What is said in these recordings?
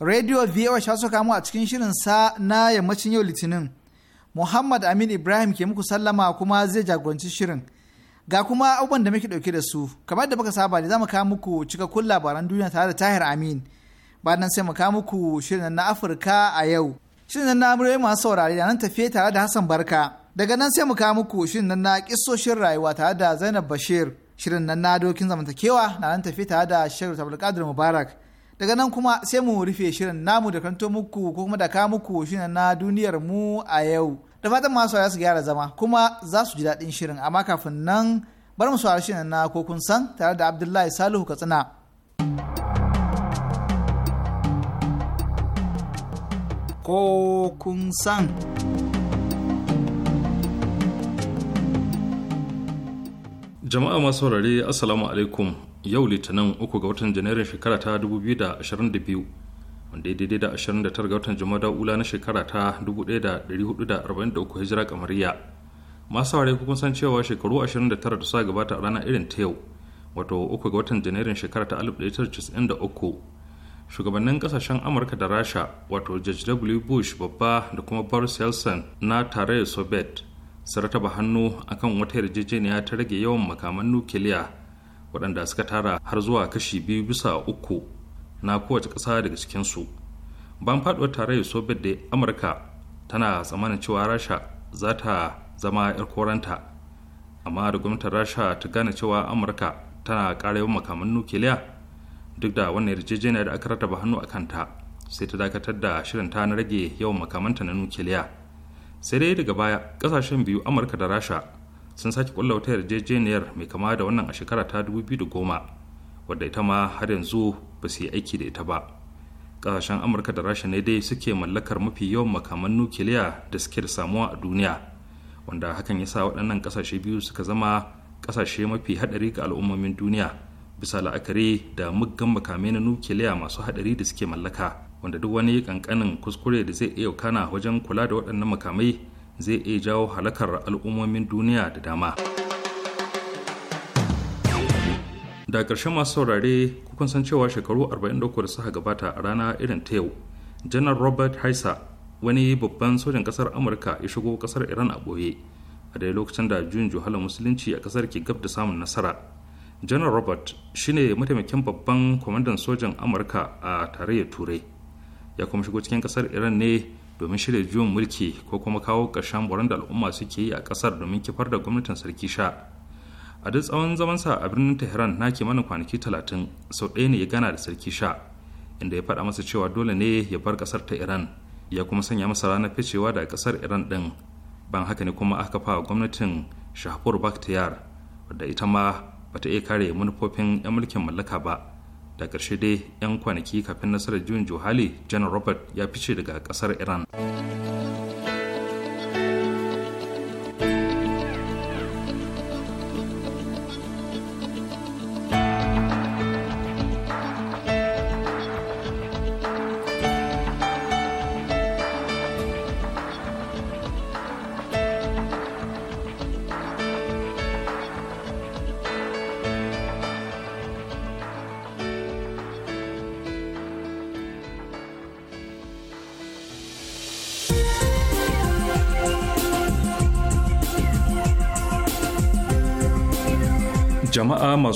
Radio VOA ta soka mu a cikin shirin sa na yammacin yau Litinin. Muhammad Amin Ibrahim ke muku sallama kuma zai jagoranci shirin. Ga kuma abubuwan da muke dauke da su, kamar da muka saba da za mu kawo muku cikakkun labaran duniya tare da Tahir Amin. Bayan sai mu kawo muku shirin na Afirka a yau. Shirin na muryoyi masu saurare da nan tafiye tare da Hassan Barka. Daga nan sai mu kawo muku shirin na kisoshin rayuwa tare da Zainab Bashir. Shirin na dokin zamantakewa na nan tafiye tare da Shehu Abdulkadir Mubarak. daga nan kuma sai mu rufe shirin namu da kanto muku ko kuma da ka muku shine na duniyar mu a yau da fatan masu ya su gyara zama kuma za su ji daɗin shirin amma kafin nan bar mu saurari shirin na ko kun san tare da abdullahi salihu katsina ko kun san jama'a masu saurari assalamu alaikum yau litinin 3 ga watan janairun shekara ta 2022 wanda ya daidai da 29 ga watan jumada ula na shekara ta 1443 hijira kamariya masu saurari kuma san cewa shekaru 29 da sa gabata a ranar irin ta yau wato 3 ga watan janairun shekara ta 1993 shugabannin kasashen amurka da rasha wato george w bush babba da kuma boris yeltsin na tarayyar soviet sun rataba hannu akan wata yarjejeniya ta rage yawan makaman nukiliya waɗanda suka tara har zuwa kashi biyu bisa uku na kowace ƙasa daga cikinsu ban faɗuwar tarayyar soviet da amurka tana tsammanin cewa rasha za ta zama 'yar koranta amma da gwamnatin rasha ta gane cewa amurka tana ƙara yawan makaman nukiliya duk da wannan yarjejeniya da aka rataba hannu a kanta sai ta dakatar da shirin ta na rage yawan makamanta na nukiliya sai dai daga baya ƙasashen biyu amurka da rasha sun sake kulla wata yarjejeniyar mai kama da wannan a shekara ta 2010 wadda ita ma har yanzu ba su yi aiki da ita ba ƙasashen amurka da rasha ne dai suke mallakar mafi yawan makaman nukiliya da suke da samuwa a duniya wanda hakan ya sa waɗannan ƙasashe biyu suka zama ƙasashe mafi haɗari ga al'ummomin duniya bisa la'akari da muggan makamai na nukiliya masu haɗari da suke mallaka wanda duk wani ƙanƙanin kuskure da zai iya kana wajen kula da waɗannan makamai zai iya jawo halakar al'ummomin duniya da dama da ƙarshen masu saurare kukan san cewa shekaru 43 da suka gabata a rana irin ta yau janar robert haisa wani babban sojan ƙasar amurka ya shigo ƙasar iran a ɓoye a dai lokacin da juyin juhalar musulunci a ƙasar ke gab da samun nasara janar robert shi ne mataimakin babban kwamandan sojan amurka a tarayyar turai ya kuma shigo cikin ƙasar iran ne domin shirya juyin mulki ko kuma kawo ƙarshen boron da al'umma suke yi a ƙasar domin kifar da gwamnatin sarki sha a duk tsawon zamansa a birnin tehran na kimanin kwanaki talatin sau ɗaya ne ya gana da sarki sha inda ya faɗa masa cewa dole ne ya bar ƙasar ta iran ya kuma sanya masa ranar ficewa da ƙasar iran ɗin ban haka ne kuma aka fa gwamnatin shahpur bakhtiyar wadda ita ma bata iya kare manufofin 'yan mulkin mallaka ba da ƙarshe dai 'yan kwanaki kafin nasarar juyin johali janar robert ya fice daga ƙasar iran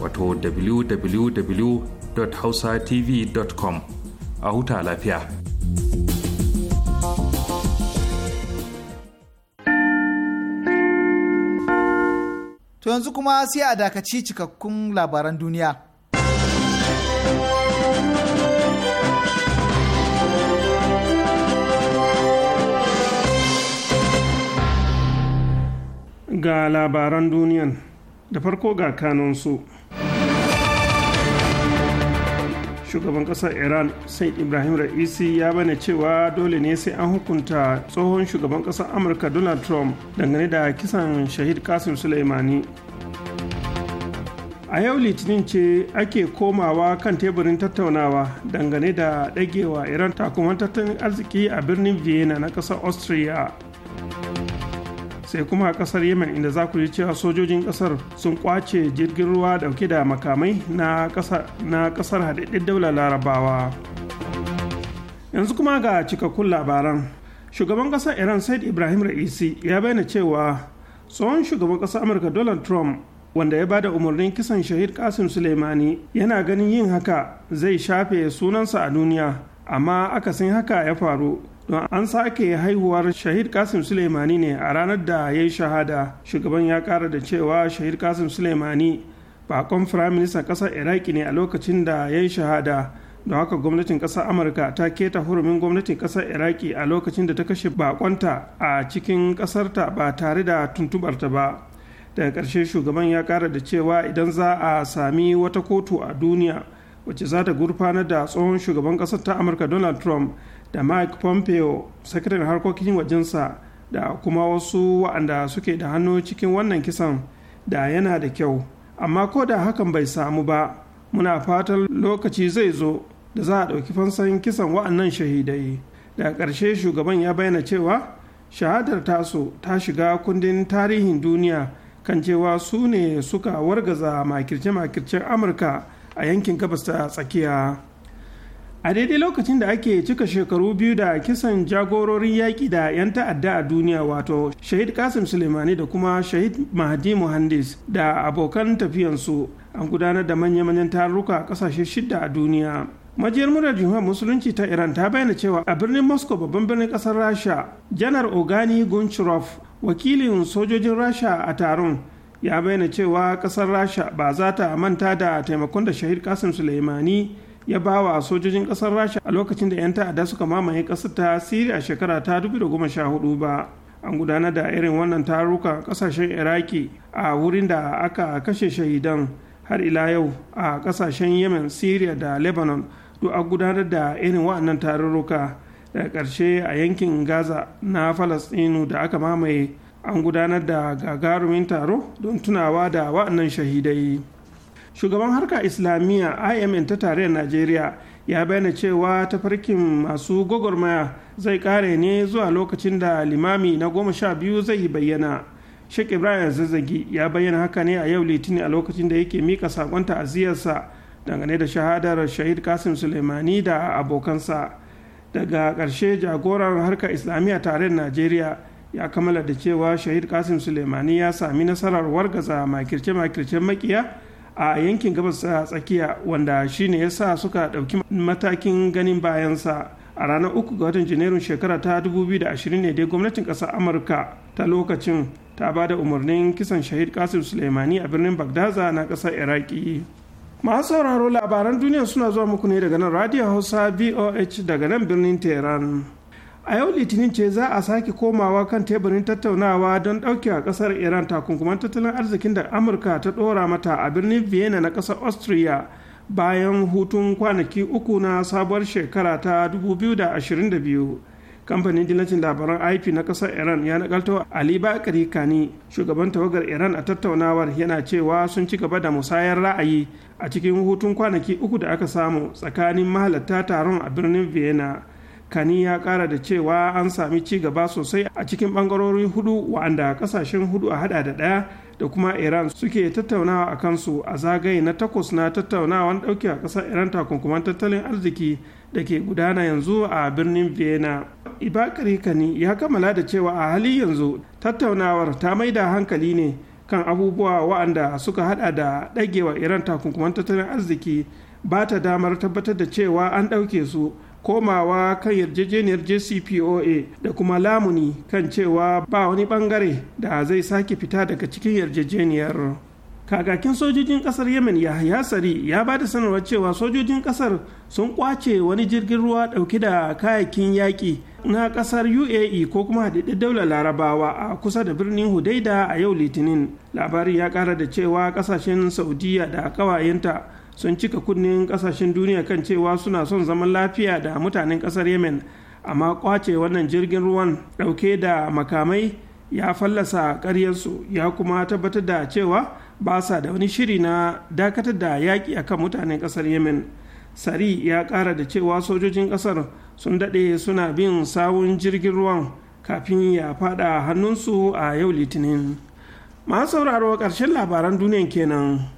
wato www.hausatv.com a huta lafiya. To yanzu kuma sai a dakaci cikakkun labaran duniya. Ga labaran duniyan da farko ga kanunsu. shugaban kasar iran said ibrahim ra'isi ya bane cewa dole ne sai an hukunta tsohon shugaban kasar amurka donald trump dangane da kisan shahid kasim suleimani a yau litinin ce ake komawa kan teburin tattaunawa dangane da ɗagewa iran takuman tattalin arziki a birnin vienna na ƙasar austria sai kuma kasar yemen inda za ku ji cewa sojojin kasar sun kwace jirgin ruwa dauke da makamai na kasar haɗaɗɗen daular larabawa yanzu kuma ga cikakkun labaran shugaban kasar iran said ibrahim ra'isi ya bayyana cewa tsohon shugaban kasar amurka donald trump wanda ya bada umarnin kisan shahid kasim suleimani yana ganin yin haka zai shafe sunansa a duniya amma akasin haka ya faru don an sake haihuwar shahid kasim suleimani ne a ranar da ya yi shahada shugaban ya kara da cewa shahid kasim suleimani bakon firaministan kasar iraki ne a lokacin da ya yi shahada don haka gwamnatin kasar amurka ta keta hurumin gwamnatin kasar iraki a lokacin da ta kashe bakonta a cikin ƙasarta ba tare da tuntubarta ba daga ƙarshe shugaban ya kara da cewa idan za a sami wata kotu a duniya wacce za ta gurfanar da tsohon shugaban kasar ta amurka donald trump da mike pompeo sakataren harkokin wajensa da kuma wasu wa'anda suke da hannu cikin wannan kisan da yana da kyau amma ko da hakan bai samu ba muna fatan lokaci zai zo da za a ɗauki fansan kisan wa'annan shahidai da ƙarshe shugaban ya bayyana cewa shahadar tasu ta shiga kundin tarihin duniya kan cewa su ne suka wargaza makirce-makircen amurka a yankin gabas ta tsakiya a daidai lokacin da ake cika shekaru biyu da kisan jagororin yaƙi da 'yan ta'adda a duniya wato shahid kasim suleimani da kuma shahid mahadi muhandis da abokan tafiyansu an gudanar da manya-manyan tarurruka a ƙasashe shidda a duniya majiyar murar jihar musulunci ta iran ta bayyana cewa a birnin moscow babban birnin kasar rasha janar ogani gunchurov wakilin sojojin rasha a taron ya bayyana cewa kasar rasha ba za ta manta da taimakon da shahid kasim suleimani ya ba wa sojojin kasar rasha a lokacin da 'yan ta'adda suka mamaye kasar ta siriya shekara ta da goma sha hudu ba an gudanar da irin wannan taruka kasashen iraki a wurin da aka kashe shahidan har ila yau a kasashen yemen siriya da lebanon duk a gudanar da irin waɗannan tarurruka daga ƙarshe a yankin gaza na falastinu da aka mamaye an gudanar da gagarumin taro don tunawa da wa'annan shahidai shugaban harka islamiyya imn ta tarayyar najeriya ya bayyana cewa tafarkin masu gwagwarmaya zai kare ne zuwa lokacin da limami na goma sha biyu zai yi bayyana Sheikh Ibrahim Zazzagi ya bayyana haka ne a yau Litinin a lokacin da yake mika sakon ta'aziyarsa dangane da shahadar Shahid Kasim sulaimani da abokansa. Daga ƙarshe jagoran harkar Islamiyya tare da Najeriya ya kammala da cewa Shahid Kasim Suleimani ya sami nasarar wargaza makirce-makircen makiya a yankin gabas tsakiya wanda shine ya sa suka ɗauki matakin ganin bayansa a ranar uku ga watan janairun shekara ta 2020 ne dai gwamnatin ƙasar amurka ta lokacin ta ba da umarnin kisan shahid kasim suleimani a birnin bagdaza na ƙasar iraki masu sauraro labaran duniya suna zuwa muku ne daga nan radio hausa voh daga nan birnin tehran a yau litinin ce za a sake komawa kan teburin tattaunawa don dauke a kasar iran takunkuman tattalin arzikin da amurka ta dora mata a birnin vienna na kasar austria bayan hutun kwanaki uku na sabuwar shekara ta 2022 kamfanin dillacin labaran ip na kasar iran ya nakalto ali bakari kani shugaban tawagar iran a tattaunawar yana cewa sun ci gaba da musayar ra'ayi a cikin hutun kwanaki uku da aka samu tsakanin mahalarta taron a birnin vienna kani ya kara da cewa an sami ci gaba sosai a cikin bangarori hudu wa'anda kasashen hudu a hada da daya da kuma iran suke tattaunawa a kansu a zagaye na takwas na tattaunawan dauke a kasar iran takunkuman tattalin arziki da ke gudana yanzu a birnin vienna ibakari kani ya kammala da cewa a hali yanzu tattaunawar ta maida hankali ne kan abubuwa wa'anda suka hada da dagewa iran takunkuman tattalin arziki ba ta damar tabbatar da cewa an ɗauke su komawa kan yarjejeniyar jcpoa da kuma lamuni kan cewa ba wani bangare da zai sake fita daga cikin yarjejeniyar kakakin sojojin kasar yemen yahya sari ya ba da sanarwar cewa sojojin kasar sun kwace wani jirgin ruwa dauke da kayakin yaƙi na kasar uae ko kuma haɗaɗɗen Daula larabawa a kusa da birnin hudaida a yau litinin labarin ya ƙara da cewa ƙasashen saudiya da ƙawayenta sun cika kunnen kasashen duniya kan cewa suna son zaman lafiya da mutanen kasar yemen amma kwace wannan jirgin ruwan dauke da makamai ya fallasa karyarsu ya kuma tabbatar da cewa ba sa da wani shiri na dakatar da yaƙi akan mutanen ƙasar yemen sari ya ƙara da cewa sojojin ƙasar sun daɗe suna bin sawun jirgin ruwan kafin ya faɗa hannunsu a yau litinin masu sauraro ƙarshen labaran duniyan kenan.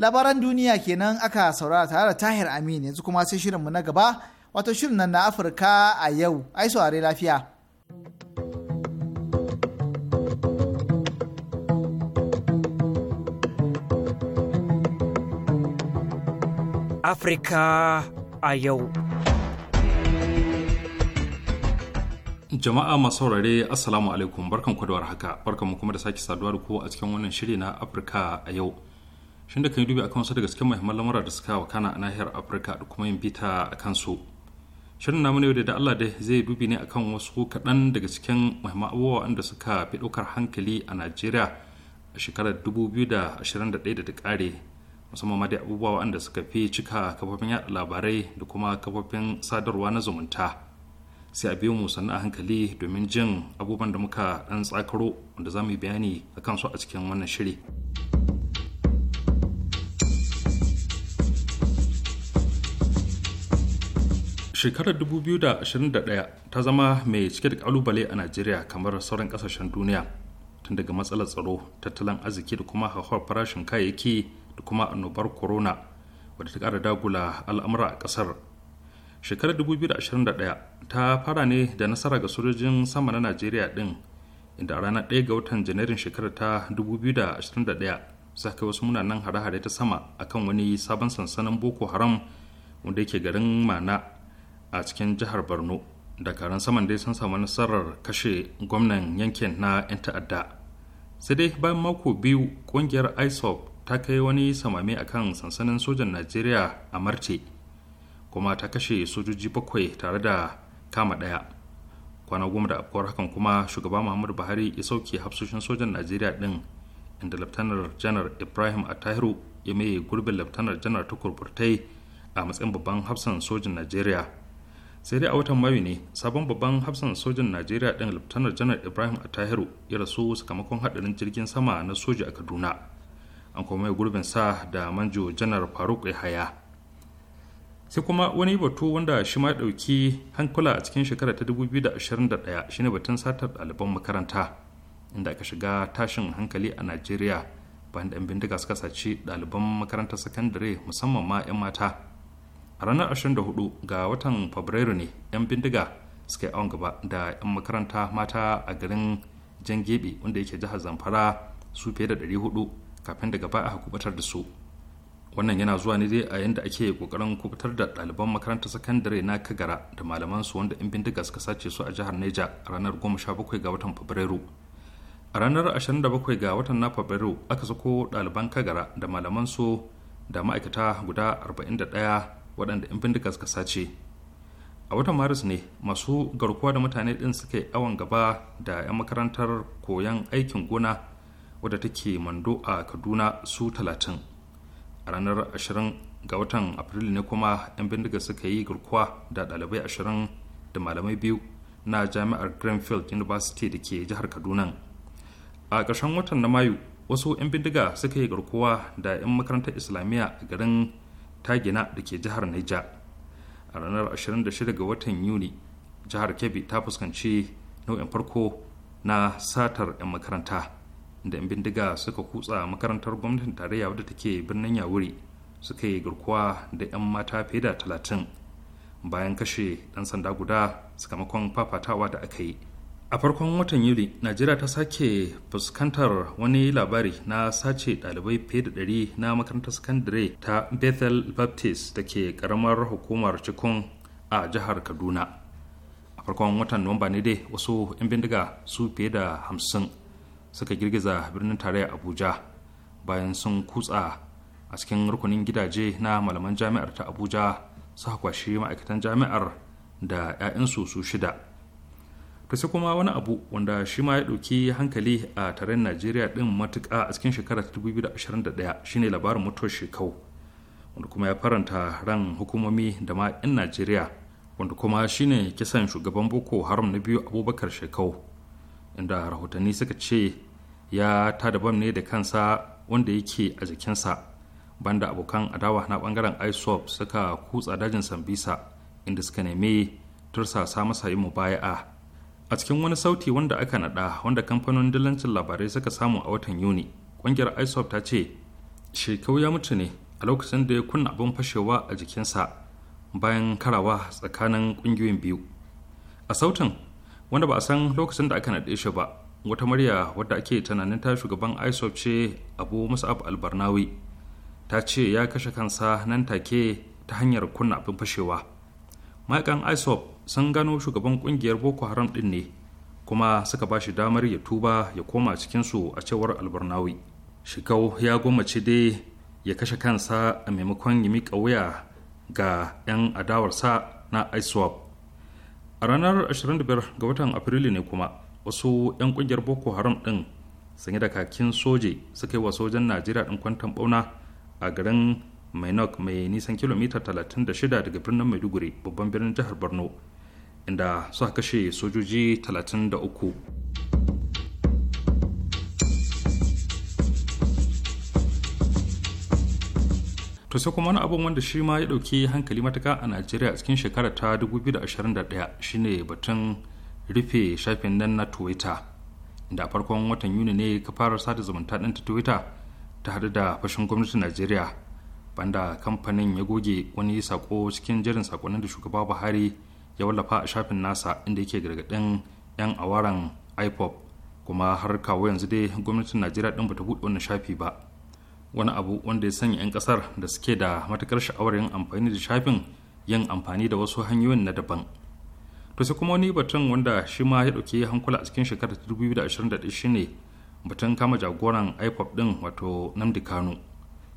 labaran duniya kenan aka saurara tare da tahir amin yanzu kuma sai shirinmu na gaba wato shirin nan na afirka a yau ai saurare lafiya afirka a yau jama'a masu saurare assalamu alaikum barkan kwadowar haka barkan mu kuma da sake saduwa da ku a cikin wannan shiri na afirka a yau shin da kan yi dubi akan wasu daga cikin muhimman lamura da suka wakana a nahiyar afirka da kuma yin bita a kansu shirin namu ne da allah dai zai dubi ne akan wasu kaɗan daga cikin muhimman abubuwa wanda suka fi ɗaukar hankali a najeriya a shekarar 2021 da ta ƙare musamman ma dai abubuwa wanda suka fi cika kafofin yaɗa labarai da kuma kafofin sadarwa na zumunta sai a biyo mu sannan a hankali domin jin abubuwan da muka ɗan tsakaro wanda za mu yi bayani akan su a cikin wannan shiri. shekarar 2021 ta zama mai cike da kalubale a najeriya kamar sauran kasashen duniya tun daga matsalar tsaro tattalin arziki da kuma hauhawar farashin kayayyaki da kuma annobar corona wadda ta kara dagula al'amura a kasar shekarar 2021 ta fara ne da nasara ga sojojin sama na najeriya din inda a ranar 1 ga watan janairun shekarar ta 2021 suka kai wasu munanan hare-hare ta sama akan wani sabon sansanin boko haram wanda yake garin mana a cikin jihar borno dakarun saman dai sun samu nasarar kashe gwamnan yankin na 'yan ta'adda sai dai bayan mako biyu kungiyar isop ta kai wani samame a kan sansanin sojan najeriya a marte kuma ta kashe sojoji bakwai tare da kama daya kwana goma da afkuwar hakan kuma shugaba muhammadu buhari ya sauke hafsoshin sojan najeriya din inda laftanar janar ibrahim atahiru ya mai gurbin laftanar janar tukur burtai a matsayin babban hafsan sojan najeriya sai dai a watan mayu ne sabon babban hafsan sojan najeriya ɗin lieutenant janar ibrahim atahiru ya rasu sakamakon haɗarin jirgin sama na soja a kaduna an kuma mai gurbin sa da manjo janar faruk haya. sai kuma wani batu wanda shi ma ɗauki hankula a cikin shekara ta 2021 shine batun satar ɗaliban makaranta inda aka shiga tashin hankali a najeriya bayan da 'yan bindiga suka saci ɗaliban makarantar sakandare musamman ma 'yan mata a ranar 24 ga watan fabrairu ne 'yan bindiga suka yi awon gaba da 'yan makaranta mata a garin jangebe wanda yake jihar zamfara su fiye da 400 kafin daga baya a kubutar da su wannan yana zuwa ne dai a yadda ake kokarin kubutar da ɗaliban makarantar sakandare na kagara da malaman su wanda 'yan bindiga suka sace su a jihar neja a ranar 17 ga watan fabrairu a ranar 27 ga watan na fabrairu aka sako ɗaliban kagara da malaman su da ma'aikata guda 41 waɗanda 'yan bindiga suka sace a watan maris ne masu garkuwa da mutane ɗin suka yi awon gaba da 'yan makarantar koyon aikin gona wadda take mando a kaduna su talatin a ranar 20 ga watan afrilu ne kuma 'yan bindiga suka yi garkuwa da ɗalibai ashirin da malamai biyu na jami'ar greenfield university da ke jihar kaduna a ƙarshen watan na mayu wasu 'yan bindiga suka yi garkuwa da 'yan makarantar islamiyya a garin tagina da ke jihar Niger. A ranar 26 ga watan Yuni, jihar Kebbi ta fuskanci nau'in farko na satar 'yan makaranta, da 'yan bindiga suka kutsa makarantar gwamnatin tarayya wadda take birnin Yawuri suka yi garkuwa da 'yan mata fiye da talatin bayan kashe ɗan sanda guda sakamakon fafatawa da aka yi. a farkon watan yuli najeriya ta sake fuskantar wani labari na sace dalibai fiye da ɗari na makarantar sakandare ta bethel baptist da ke karamar hukumar cikun a jihar kaduna a farkon watan nuwamba ne dai wasu 'yan bindiga su fiye da hamsin suka girgiza birnin tarayya abuja bayan sun kutsa a cikin rukunin gidaje na malaman jami'ar ta abuja su kwashi ma'aikatan jami'ar da 'ya'yansu su shida kasi kuma wani abu wanda shi ma ya ɗauki hankali a taron najeriya ɗin matuƙa a cikin shekarar 2021 shine labarin mutuwar shekau wanda kuma ya faranta ran hukumomi da ma 'yan najeriya wanda kuma shine kisan shugaban boko haram na biyu abubakar shekau inda rahotanni suka ce ya tada bam ne da kansa wanda yake a jikinsa banda abokan adawa na bangaren isop suka kutsa dajin sambisa inda suka nemi tursasa masa mu mubaya'a a cikin wani sauti wanda aka nada wanda kamfanonin dillancin labarai suka samu a watan yuni ƙungiyar isop ta ce shekau ya mutu ne a lokacin da ya kunna abin fashewa a jikinsa bayan karawa tsakanin ƙungiyoyin biyu a sautin wanda ba a san lokacin da aka naɗe shi ba wata murya wadda ake tunanin ta shugaban isop ce abu musab albarnawi ta ce ya kashe kansa nan take ta hanyar kunna abin fashewa ma'ikan isop sun gano shugaban kungiyar boko haram din ne kuma suka ba shi damar ya tuba ya koma cikinsu a cewar albarnawi shigau ya gwammace dai ya kashe kansa a maimakon ya miƙa wuya ga 'yan adawarsa na iswap a ranar 25 ga watan afrilu ne kuma wasu 'yan kungiyar boko haram din sanye da kakin soje suka yi wa sojan najeriya din kwantan bauna a garin mainok mai nisan kilomita 36 daga birnin maiduguri babban birnin jihar borno inda suka kashe sojoji 33 to sai kuma wani abin wanda shi ma ya dauki hankali matuka a najeriya cikin shekara ta 2021 shine batun rufe shafin nan na twitter da farkon watan yuni ne kafarar sada zumunta ɗin ta twitter ta hadu da fashin gwamnatin najeriya banda kamfanin ya goge wani sako cikin jerin sakonnin da shugaba buhari ya wallafa a shafin nasa inda yake gargaɗin 'yan awaran ipop kuma har kawo yanzu dai gwamnatin najeriya ɗin bata buɗe wannan shafi ba wani abu wanda ya sanya 'yan kasar da suke da matukar sha'awar yin amfani da shafin yin amfani da wasu hanyoyin na daban to sai kuma wani batun wanda shi ma ya ɗauki hankula a cikin shekarar 2021 shine batun kama jagoran ipop ɗin wato namdi kano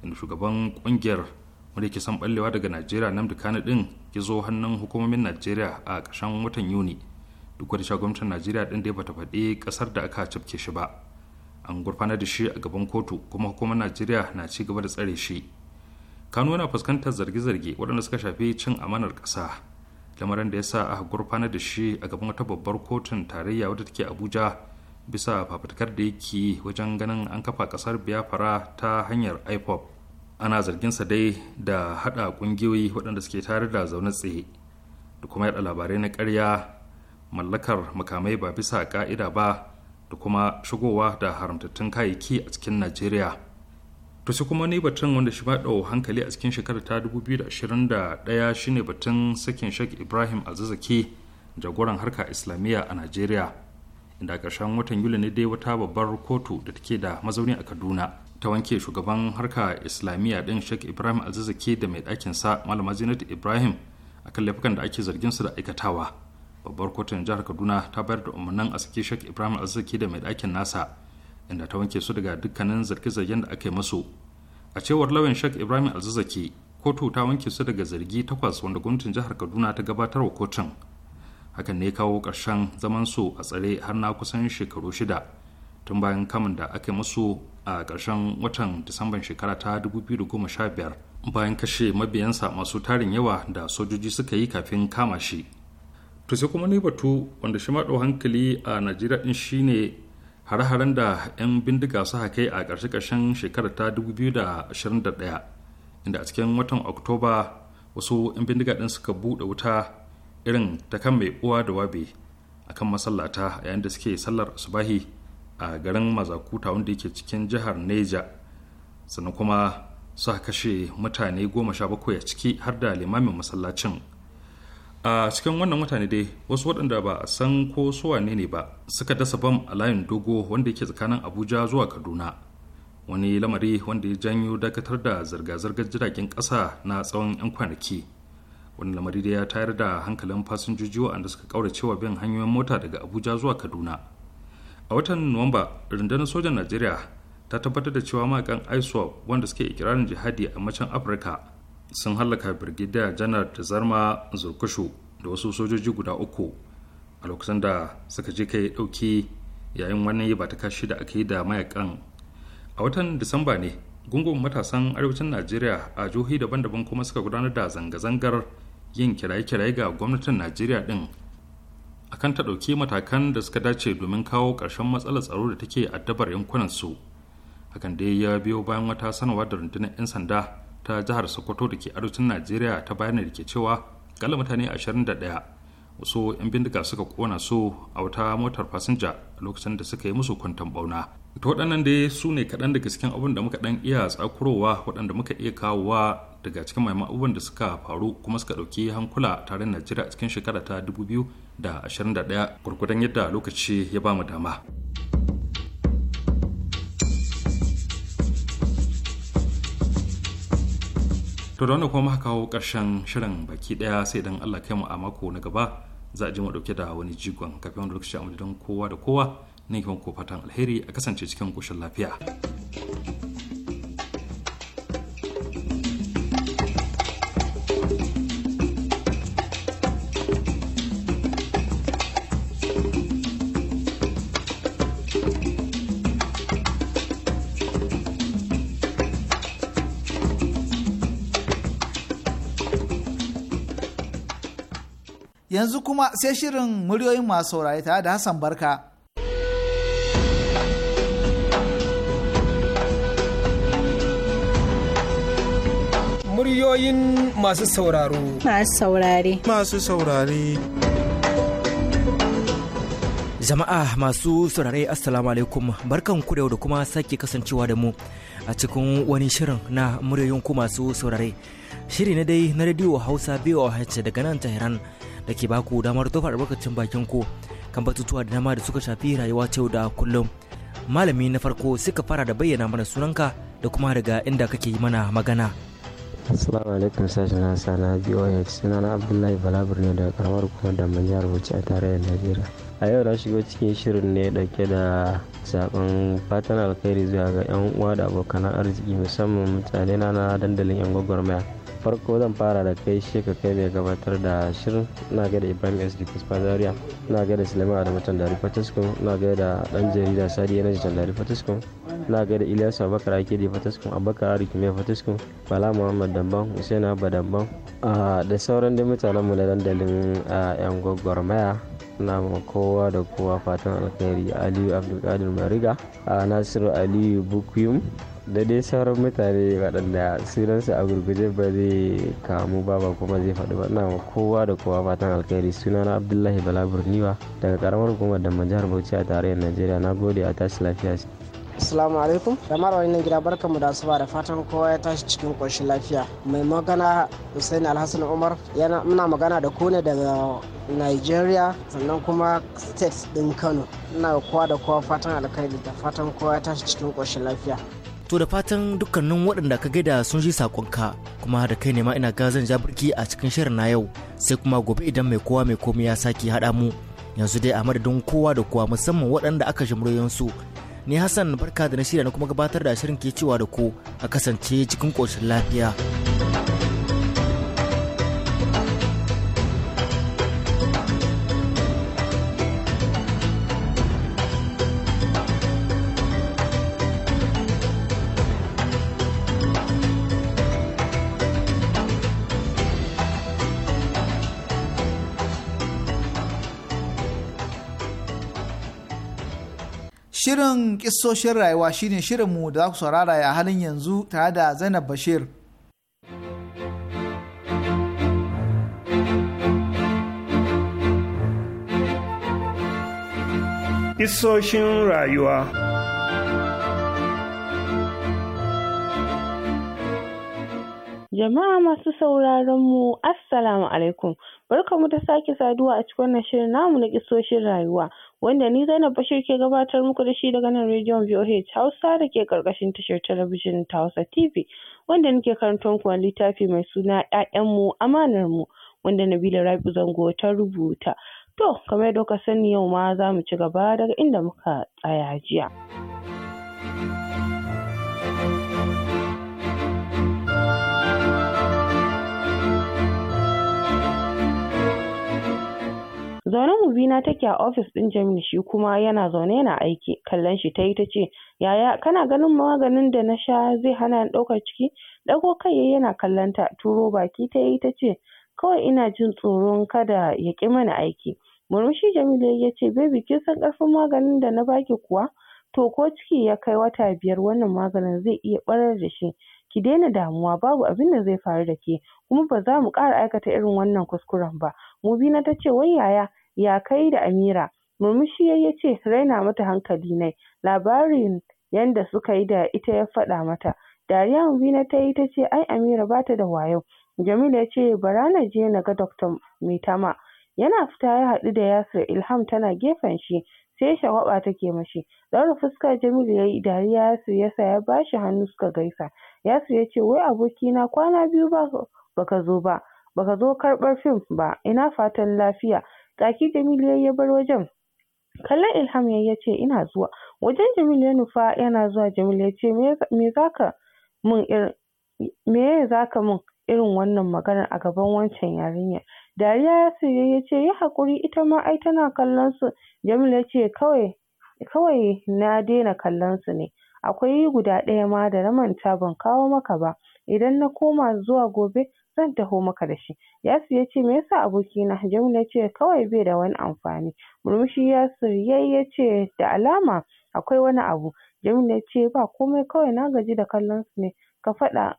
inda shugaban ƙungiyar wanda ke son ballewa daga najeriya namdi kano ya zo hannun hukumomin najeriya a ƙarshen watan yuni duk wani gwamnatin najeriya din da ya bata faɗi ƙasar da aka cafke shi ba an gurfanar da shi a gaban kotu kuma hukumar najeriya na ci gaba da tsare shi kano yana fuskantar zarge-zarge waɗanda suka shafi cin amanar ƙasa lamarin da ya sa aka gurfanar da shi a gaban wata babbar kotun tarayya wadda take abuja bisa fafatikar da yake wajen ganin an kafa ƙasar biafra ta hanyar ipop ana zarginsa dai da hada kungiyoyi waɗanda suke tare da zaune tsaye da kuma yada labarai na ƙarya mallakar makamai ba bisa ka'ida ba da kuma shigowa da haramtattun kayayyaki a cikin najeriya to shi kuma wani batun wanda shi ba ɗau hankali a cikin shekarar ta 2021 shine batun sakin shek ibrahim azizaki jagoran harka islamiyya a najeriya inda ƙarshen watan yuli ne dai wata babbar kotu da take da mazauni a kaduna ta wanke shugaban harka islamiyya din sheikh ibrahim alzazaki da mai ɗakin sa malama zinat ibrahim a kan laifukan da ake zargin su da aikatawa babbar kotun jihar kaduna ta bayar da umarnin a saki sheikh ibrahim alzazaki da mai ɗakin nasa inda ta wanke su daga dukkanin zarge-zargen da aka yi musu a cewar lauyan sheikh ibrahim alzazaki kotu ta wanke su daga zargi takwas wanda gwamnatin jihar kaduna ta gabatar wa kotun hakan ne kawo ƙarshen zaman su a tsare har na kusan shekaru shida tun bayan kamun da aka musu a ƙarshen watan disamban shekara ta 2015 bayan kashe mabiyansa masu tarin yawa da sojoji suka yi kafin kama shi to sai kuma ni batu wanda shi maɗau hankali a najeriya ɗin shine hare-haren da 'yan bindiga su kai a ƙarshe-ƙarshen shekara ta 2021 inda a cikin watan oktoba wasu 'yan bindiga ɗin suka buɗe wuta irin ta kan mai uwa da wabe kan masallata yayin da suke sallar subahi a garin mazakuta wanda yake cikin jihar neja sannan kuma suka kashe mutane goma sha bakwai a ciki har da limamin masallacin a cikin wannan mutane dai wasu waɗanda ba a san ko suwa ne ne ba suka dasa bam a layin dogo wanda yake tsakanin abuja zuwa kaduna wani lamari wanda ya janyo dakatar da zirga-zirgar jiragen ƙasa na tsawon 'yan kwanaki wani lamari da ya tayar da hankalin fasinjoji waɗanda suka ƙaura cewa bin hanyoyin mota daga abuja zuwa kaduna a watan nuwamba rundunar sojan najeriya ta tabbatar da cewa makan isop wanda suke ikirarin jihadi a macen afirka sun hallaka birgidiyar janar da zarma zurkushu da wasu sojoji guda uku a lokacin da suka je kai dauki yayin wani ba ta kashi da aka yi da mayakan a watan disamba ne gungun matasan arewacin najeriya a jihohi daban-daban kuma suka gudanar da zanga-zangar yin kiraye-kiraye ga gwamnatin najeriya din akan ta ɗauki matakan da suka dace domin kawo ƙarshen matsalar tsaro da take addabar yankunan su hakan dai ya biyo bayan wata sanarwa da rundunar 'yan sanda ta jihar sokoto da ke arewacin najeriya ta bayani da ke cewa gala mutane 21 wasu 'yan bindiga suka kona su a wata motar fasinja a lokacin da suka yi musu kwanton bauna to waɗannan dai su ne kaɗan daga cikin abin da muka ɗan iya tsakurowa waɗanda muka iya kawowa daga cikin maimakon abubuwan da suka faru kuma suka ɗauki hankula tare na najeriya cikin shekara ta 2021 gwargwadon yadda lokaci ya ba mu dama to da kuma muka kawo ƙarshen shirin baki ɗaya sai dan allah kai mu a mako na gaba za a ji mu ɗauke da wani jigon kafin wani lokaci a kowa da kowa nake muku fatan alheri a kasance cikin ƙoshin lafiya. yanzu kuma sai shirin muryoyin masu saurare tare da Hassan Barka. Muryoyin masu sauraro. Masu saurare. Masu saurare. Jama'a masu saurare Assalamu alaikum barkan ku da kuma sake kasancewa da mu a cikin wani shirin na muryoyin ku masu saurare. Shiri na dai na radio Hausa biyu a daga nan Tehran da ke baku damar tofa albarkacin bakin ku kan batutuwa da dama da suka shafi rayuwa ta da kullum. Malami na farko suka fara da bayyana mana sunanka da kuma daga inda kake yi mana magana. Assalamu alaikum sashen Hausa na BOX suna na Abdullahi Balabur ne daga karamar kuma da jihar Bauchi a tarayyar Najeriya. A yau na shigo cikin shirin ne dauke da sakon fatan alkhairi zuwa ga 'yan uwa da abokan arziki musamman mutane na dandalin 'yan gwagwarmaya. farko zan fara da kai shi ka kai mai gabatar da shirin na gada ibrahim s d zaria na gada sulaiman adamu tandari fatasko na gaida dan jarida sadi yanayi tandari fatasko na gada ilyas abakar ake da fatasko abakar arik fatasko bala muhammad damban husaina abba damban da sauran da mutanen mu na dandalin yan gwagwarmaya na kowa da kowa fatan alkhairi aliyu abdulkadir mariga nasiru aliyu bukuyum da dai sauran mutane waɗanda sunansu a gurguje ba zai kamu ba ba kuma zai faɗi ba ina kowa da kowa fatan alkhairi sunana abdullahi bala burniwa daga karamar hukumar da majihar bauchi a tarayyar najeriya na gode a tashi lafiya Assalamu alaikum. Jama'ar wannan gida barkanmu da asuba da fatan kowa ya tashi cikin ƙoshin lafiya. Mai magana Hussein Alhassan Umar yana muna magana da ku daga Nigeria sannan kuma state ɗin Kano. Ina kowa da kowa fatan alkhairi da fatan kowa ya tashi cikin ƙoshin lafiya. To da fatan dukkanin waɗanda ka gaida sun ji saƙonka kuma da kai ne ma ina ga zan ja birki a cikin shirin na yau sai kuma gobe idan mai kowa mai komai ya sake haɗa mu yanzu dai a madadin kowa da kowa musamman waɗanda aka ji muryoyinsu. Ni Hassan barka da na shirya na kuma gabatar da shirin ke cewa da ku a kasance cikin ƙoshin lafiya. Shirin kisoshin rayuwa shine shirinmu da za ku saurara a halin yanzu tare da Zainab Bashir. Kisoshin rayuwa Jama'a masu sauraron mu Assalamu alaikum. Barkamu da sake saduwa a cikin wannan shirin namu na kisoshin rayuwa. wanda ni Zainab Bashir ke gabatar muku da shi daga nan rediyon VOH Hausa da ke karkashin tashar talabijin ta Hausa TV wanda nake karanta muku wani littafi mai suna mu amanar mu wanda Nabila Rabi Zango ta rubuta. To kamar yadda kuka sani yau ma za mu ci gaba daga inda muka tsaya jiya. zaune mu bina take a ofis ɗin Jamilu shi kuma yana zaune yana aiki kallon shi tayi tace yaya kana ganin maganin da na sha zai hana ni ɗaukar ciki ɗago kai yayi yana kallon ta turo baki tayi tace kawai ina jin tsoron kada ya ƙi mana aiki murmushi Jamilu ya ce, baby kin san ƙarfin maganin da na baki kuwa to ko ciki ya kai wata biyar wannan maganin zai iya ɓarar da shi ki daina damuwa babu abin da zai faru da ke kuma ba za mu ƙara aikata irin wannan kuskuren ba Mu na ta ce wai yaya Ya kai da Amira?" murmushi ya ya ce, "Raina mata hankali ne. labarin yanda suka yi da ita ya faɗa mata." Dariya Mubina ta yi tace ce, "Ai Amira bata da wayo." Jamilu yace ce, "Bara na je na ga Dr. Maitama." Yana fita ya haɗu da Yasir Ilham tana gefen shi, sai shawaba take mashi. Ɗaura fuska Jamilu yayi dariya Yasir ya sa ya bashi hannu suka gaisa. Yasir yace ce, "Wai abokina kwana biyu ba baka zo ba, baka zo karɓar fim ba, ina fatan lafiya." kaki Jamilu ya ya bar wajen. Kallon Ilham ya yace ina zuwa. Wajen Jamilu ya nufa yana zuwa Jamilu ya ce me za ka mun irin za ka mun irin wannan maganar a gaban wancan yarinyar. Dariya ya ya ce yi haƙuri ita ma ai tana kallon su. Jamilu ya ce kawai kawai na daina kallon su ne. Akwai guda ɗaya ma da na manta ban kawo maka ba. Idan na koma zuwa gobe zan taho maka da shi. Yasu ya ce me yasa abokina? Jamila ce kawai bai da wani amfani. Murmushi Yasu yayi ya da alama akwai wani abu. Jamilu ya ce ba komai kawai na gaji da kallon su ne. Ka faɗa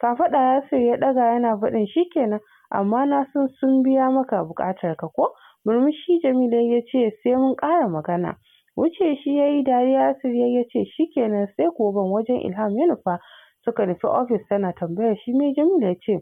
ka faɗa Yasir ya ɗaga yana faɗin shikenan amma na san sun biya maka buƙatar ka ko? Murmushi Jamilu ya ce sai mun ƙara magana. Wuce shi ya yi dariya Yasir ya ce shikenan sai ban wajen Ilham ya nufa. suka nufi ofis tana tambayar shi mai Jamilu ya ce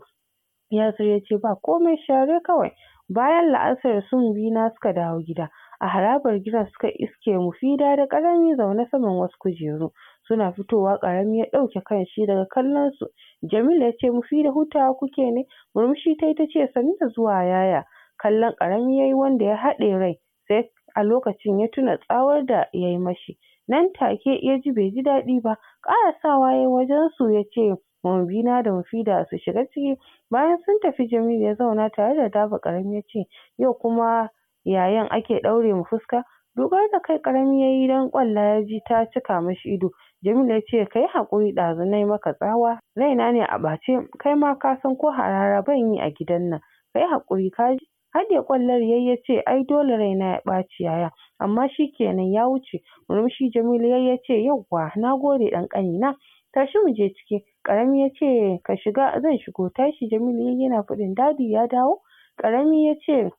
Yasir ya ce ba komai share kawai bayan la'asar sun biyu na suka dawo gida a harabar gidan suka iske mu mufida da karami zaune saman wasu kujeru suna fitowa karami ya ɗauke kan shi daga kallon su Jamilu ya ce mufida hutawa kuke ne murmushi ta ta ce sani da zuwa yaya kallon karami yayi wanda ya haɗe rai sai a lokacin ya tuna tsawar da yayi mashi nan take ya ji bai ji daɗi ba ƙarasawa ya wajen su ya ce ma da Mufida su shiga ciki bayan sun tafi Jamilu ya zauna tare da Daba ƙarami ya ce yau kuma yayan ake ɗaure mu fuska dogar da kai ƙarami ya yi don ƙwalla ya ji ta cika mashi ido Jamilu ya ce ka yi haƙuri ɗazu na yi maka tsawa raina ne a ɓace kai ma ka san ko harara ban yi a gidan nan ka yi haƙuri ka ji Haɗiye ƙwallar ya ce, "Ai dole raina ya ɓaci yaya, amma shi kenan ya wuce." Murmushi Jamilu ya ya ce, "Yawwa, na gode ɗan ƙanina, tashi mu je ciki." Ƙarami ya ce, "Ka shiga, zan shigo." Tashi Jamilu ya yana faɗin, "Dadi ya dawo?" Ƙarami ya ce,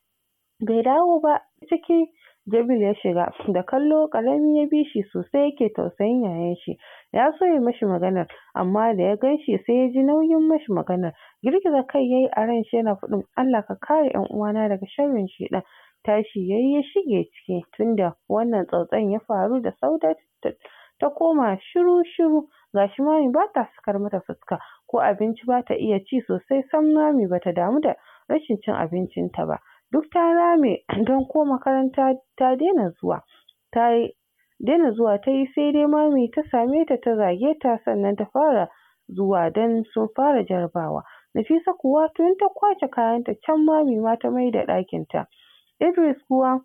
"Bai dawo ba, ciki Jabil ya shiga, da kallo ƙarami ya bi shi sosai yake tausayin yayan shi, ya so ya mashi maganar, amma da ya gan sai ya ji nauyin mashi maganar, girgiza kai ya yi a ran shi yana faɗin Allah ka kare 'yan uwana daga sharrin sheɗan. Tashi ya yi ya shige ciki tunda wannan tsautsan ya faru da Saudat ta koma shiru-shiru gashi mami ba ta sukar mata fuska ko abinci ba ta iya ci sosai sam mami ba ta damu da rashin cin abincinta ba. duk ta rame don ko makaranta ta daina zuwa ta yi sai dai Mami ta same ta ta zage ta sannan ta fara zuwa don sun fara jarabawa. Nafisa kuwa tun ta kwace kayanta can Mami ma ta maida ɗakinta. Idris kuwa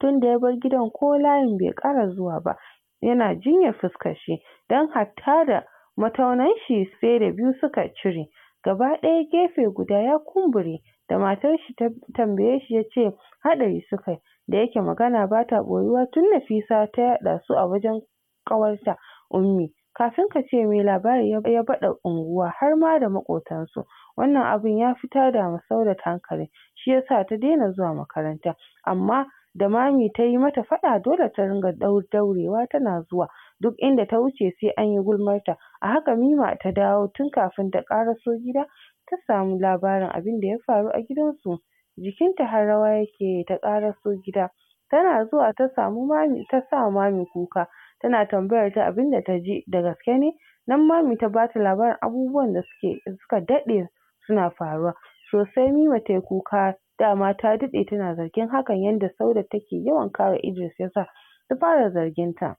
tun da ya bar gidan ko layin bai ƙara zuwa ba yana jinyar fuskar shi don hatta da mataunan shi sai da biyu suka cire. Gaba ɗaya gefe guda ya kumbure da matar shi ta tambaye shi yace haɗari suka yi da yake magana bata ɓoyuwa tun Nafisa ta yaɗa su a wajen ƙawarta Ummi kafin kace me labari ya baɗa unguwa har ma da maƙotan su wannan abun ya fitar da ma Saudat hankali shi yasa ta daina zuwa makaranta amma da Mami tayi mata faɗa dole ta ringa daurewa tana zuwa duk inda ta wuce sai anyi gulmar ta a haka Mima ta dawo tun kafin ta ƙaraso gida ta samu labarin abin da ya faru a gidansu jikinta har rawa yake yi ta ƙaraso gida tana zuwa ta samu mami ta sa wa mami kuka tana tambayar ta abin da ta ji da gaske ne nan mami ta bata labarin abubuwan da suke suka daɗe suna faruwa sosai Mima tayi kuka dama ta daɗe tana zargin hakan yanda sauda take yawan kare Idris yasa ta fara zargin ta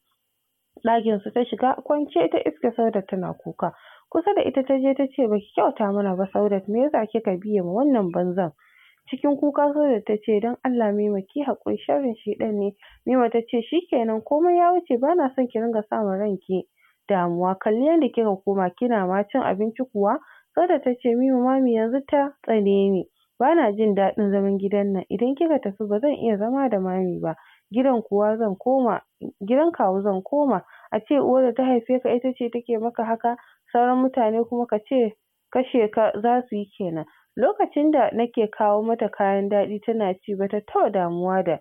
ɗakin ta shiga kwance ta iska sauda tana kuka kusa da ita ta je ta ce baki kyauta mana ba Saudat me yasa kika biye ma wannan banzan cikin kuka Saudat ta ce don Allah maimaki ki haƙuri sharrin sheɗan ne Mima ta ce shikenan komai ya wuce ba na son ki ringa sa ma ranki damuwa kalli yadda kika koma kina ma cin abinci kuwa Saudat ta ce Mima mami yanzu ta tsane ni ba na jin daɗin zaman gidan nan idan kika tafi ba zan iya zama da mami ba gidan kuwa zan koma gidan kawu zan koma ace uwar da ta haife ka ita ce take maka haka sauran mutane kuma ka ce kashe ka za su yi kenan lokacin da nake kawo mata kayan daɗi tana ci ta taɓa damuwa da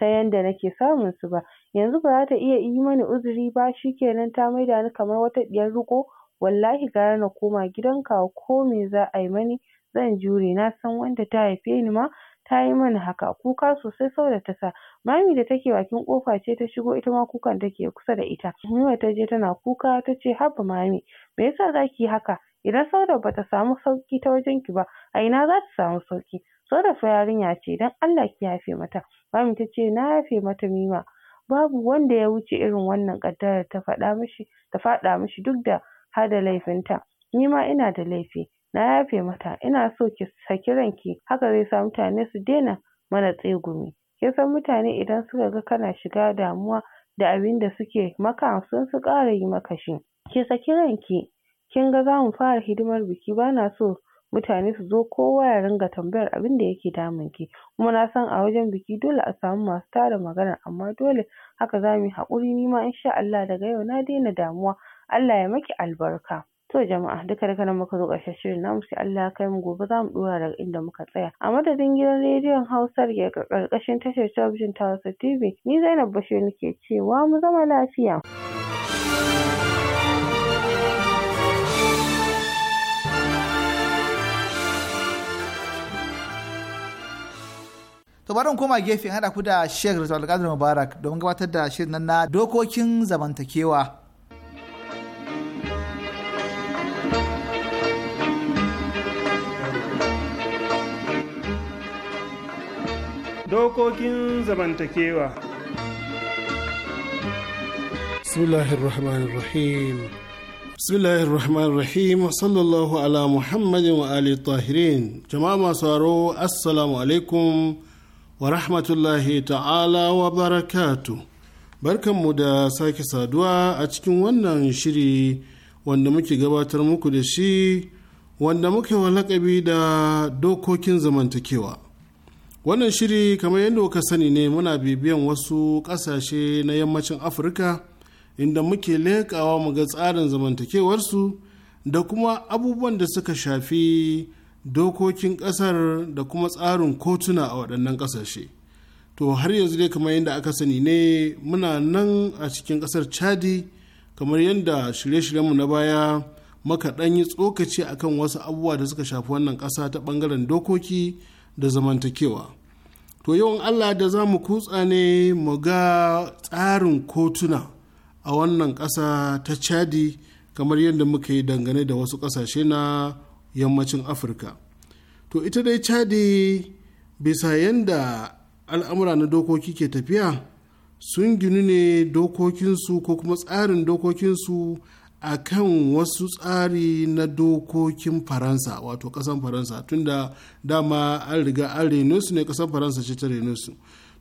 ta yanda nake samun su ba yanzu ba za ta iya yi mani uzuri ba shi shikenan ta maida ni kamar wata ɗiyar riƙo wallahi gara na koma gidan kawu ko me za a mani zan jure na san wanda ta haife ni ma ta yi mani haka kuka sosai saboda ta sa Mami da take bakin kofa ce ta shigo ita ma kukan take kusa da ita. Mima ta je tana kuka ta ce haba mami me yasa za ki yi haka idan Sauda ba ta samu sauki ta wajen ki ba a ina za ta samu sauki. Sauda fa yarinya ce dan Allah ki yafe mata. Mami ta ce na yafe mata Mima. Babu wanda ya wuce irin wannan kaddarar ta faɗa mishi ta faɗa mishi duk da hada laifinta. Ni ma ina da laifi na yafe mata ina so ki saki ranki haka zai sa mutane su daina mana tsegumi. kinsan mutane idan suka ga kana shiga damuwa da abinda suke maka sun fi ƙara yi maka shi. Ki saki ranki, kin ga za fara hidimar biki bana so mutane su zo kowa ya ringa tambayar abin da yake damun ki kuma na san a wajen biki dole a samu masu tada magana amma dole haka za mu yi haƙuri nima in sha Allah daga yau na daina damuwa Allah ya maki albarka. To jama'a duka da kanan muka zo ƙarshen shirin namu sai Allah ya kai mu gobe za mu ɗora daga inda muka tsaya. A madadin gidan rediyon Hausa da ke ƙarƙashin tashar talabijin ta Hausa TV ni Zainab Bashir nake cewa mu zama lafiya. To bari koma gefe haɗa ku da Sheikh Rizal Alƙadar Mubarak don gabatar da shirin na dokokin zamantakewa. dokokin zamantakewa rahmanir Rahim sallallahu ala muhammadin wa ali tahirin jama'a masu assalamu alaikum wa rahmatullahi ta'ala wa barakatu barkanmu da sake saduwa a cikin wannan shiri wanda muke gabatar muku da shi wanda muke wa lakabi da dokokin zamantakewa wannan shiri kamar yadda kuka sani ne muna bibiyan wasu ƙasashe na yammacin afirka inda muke leƙawa mu ga tsarin zamantakewarsu da kuma abubuwan da suka shafi dokokin ƙasar da kuma tsarin kotuna a waɗannan ƙasashe to har yanzu dai kamar yadda aka sani ne muna nan a cikin ƙasar chadi kamar yadda shirye-shiryenmu na baya muka ɗan yi tsokaci akan wasu abubuwa da suka shafi wannan ƙasa ta ɓangaren dokoki da zamantakewa to yawan allah da za mu kutsa ne mu ga tsarin kotuna a wannan ƙasa ta chadi kamar yadda muka yi dangane da wasu ƙasashe na yammacin afirka to ita dai chadi bisa yadda al'amura na dokoki ke tafiya sun ginu ne dokokinsu ko kuma tsarin dokokinsu a kan wasu tsari na dokokin faransa wato kasan faransa tunda dama an riga an reno ne kasan faransa ce ta reno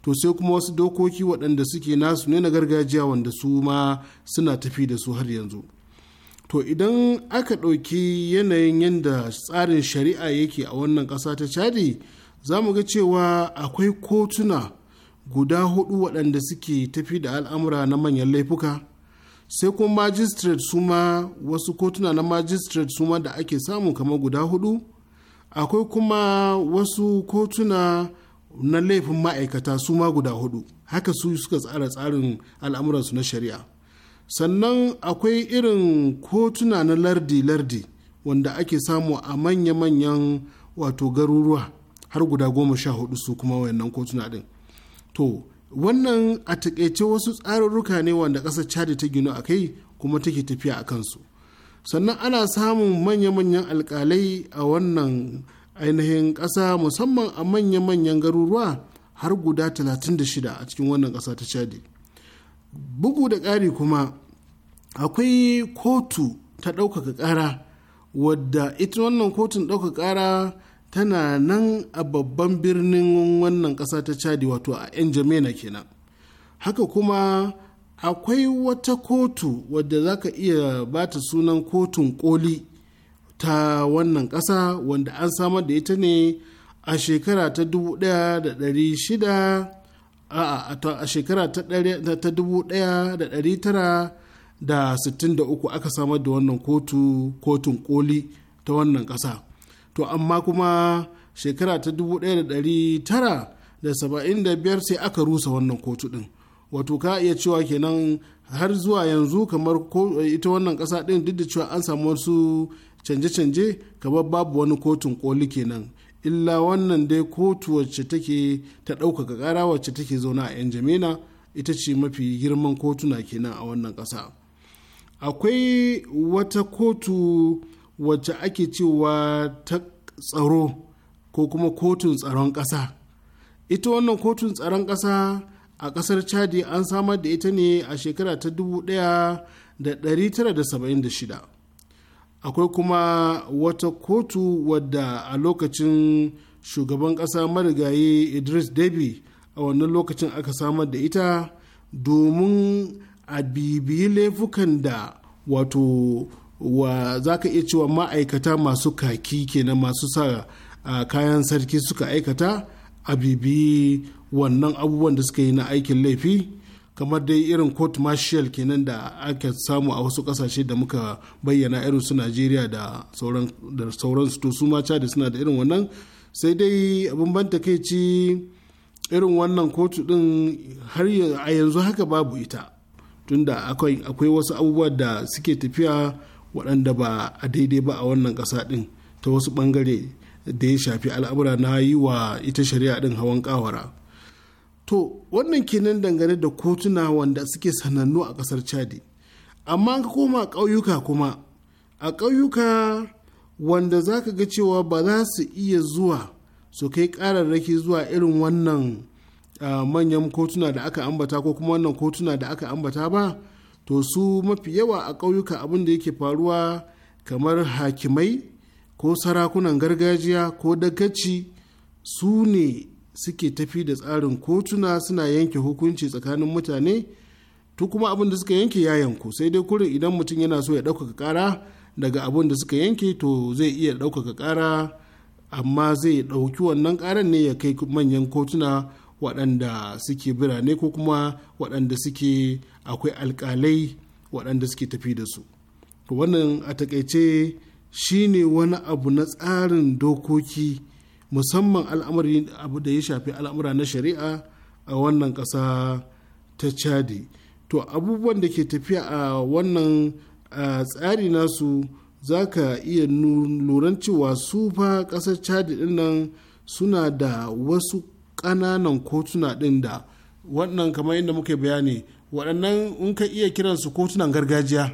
to sai kuma wasu dokoki waɗanda suke nasu ne na gargajiya wanda su ma suna tafi da su har yanzu to idan aka ɗauki yanayin yadda tsarin shari'a yake a wannan ƙasa ta chadi za mu ga cewa akwai kotuna guda hudu waɗanda suke tafi da al'amura na manyan laifuka sai kuma magistrate ma wasu kotuna na magistrate ma da ake samu kamar guda hudu akwai kuma wasu kotuna na laifin ma'aikata su ma guda hudu haka su suka tsara tsarin al'amuransu na shari'a sannan akwai irin kotuna na lardi-lardi wanda ake samu a manya-manyan wato garuruwa har guda goma sha hudu su kuma wayannan kotuna din to wannan a takaice wasu tsarurruka ne wanda ƙasar chad ta ginu a kai kuma take tafiya a kansu sannan ana samun manya-manyan alkalai a wannan ainihin ƙasa musamman a manya-manyan garuruwa har guda 36 a cikin wannan ƙasa ta chadi bugu da ƙari kuma akwai kotu ta ɗaukaka ƙara wadda ita wannan kotun ɗaukaka ƙara tana nan a babban birnin wannan ƙasa ta chadi wato a 'yan jamena kenan haka kuma akwai wata kotu wadda za ka iya ba ta sunan kotun koli ta wannan ƙasa wanda an samar da ita ne a shekara ta 1600 a shekara ta 1963 aka samar da wannan kotun koli ta wannan ƙasa to amma kuma shekara ta 1975 sai aka rusa wannan kotu din wato ka iya cewa kenan har zuwa yanzu kamar eh, ita wannan ƙasa ɗin duk da cewa an samu wasu canje-canje kamar babu wani kotun koli kenan illa wannan dai kotu wacce take ta ɗaukaka ƙara wacce take zaune a 'yan jamina ita ce mafi girman kotuna kenan a wannan ƙasa akwai wata kotu wacce ake cewa ta tsaro ko kuma kotun tsaron ƙasa ita wannan kotun tsaron ƙasa a ƙasar chadi an samar da ita ne a shekara ta 1976 akwai kuma wata kotu wadda a lokacin shugaban ƙasa marigayi idris debi a wannan lokacin aka samar da ita domin a bibiyi laifukan da wato wa za ka iya cewa ma'aikata masu kaki kenan masu sa kayan sarki suka aikata a bibi wannan abubuwan da suka yi na aikin laifi kamar dai irin court martial kenan da aka samu a wasu kasashe da muka bayyana irin su najeriya da sauran su to su ma da suna da irin wannan sai dai abin ban takaici irin wannan kotu din har a yanzu haka babu ita tunda akwai wasu abubuwa da suke tafiya waɗanda ba a daidai ba a wannan ƙasa ɗin ta wasu ɓangare da ya shafi al'amura na yi wa ita shari'a ɗin hawan ƙawara to wannan kenan dangane da kotuna wanda suke sanannu a ƙasar chadi amma ka koma ƙauyuka kuma a ƙauyuka wanda za ka ga cewa ba za su iya zuwa su kai ƙararraki zuwa irin wannan ah, manyan kotuna da aka ambata ko kuma wannan kotuna da aka ambata ba to su mafi yawa a ƙauyuka abin da yake faruwa kamar hakimai ko sarakunan gargajiya ko dagaci su ne suke tafi da tsarin kotuna suna yanke hukunci tsakanin mutane to kuma abin da suka yanke ya yanku sai dai kurin idan mutum yana so ya ɗaukaka ƙara daga abin da suka yanke to zai iya ɗaukaka ƙara amma zai ɗauki wannan ƙaran ne ya kai manyan kotuna waɗanda suke birane ko kuma waɗanda suke akwai alƙalai waɗanda suke tafi da su wannan a takaice shine wani abu na tsarin dokoki musamman al'amari abu da ya shafi al'amura na shari'a a wannan ƙasa ta chadi to abubuwan da ke tafiya a wannan tsari nasu za ka iya luran cewa su fa ƙasar chadi dinnan suna da wasu kananan kotuna ɗin da wannan kamar yadda muke bayani waɗannan in ka iya kiransu kotunan gargajiya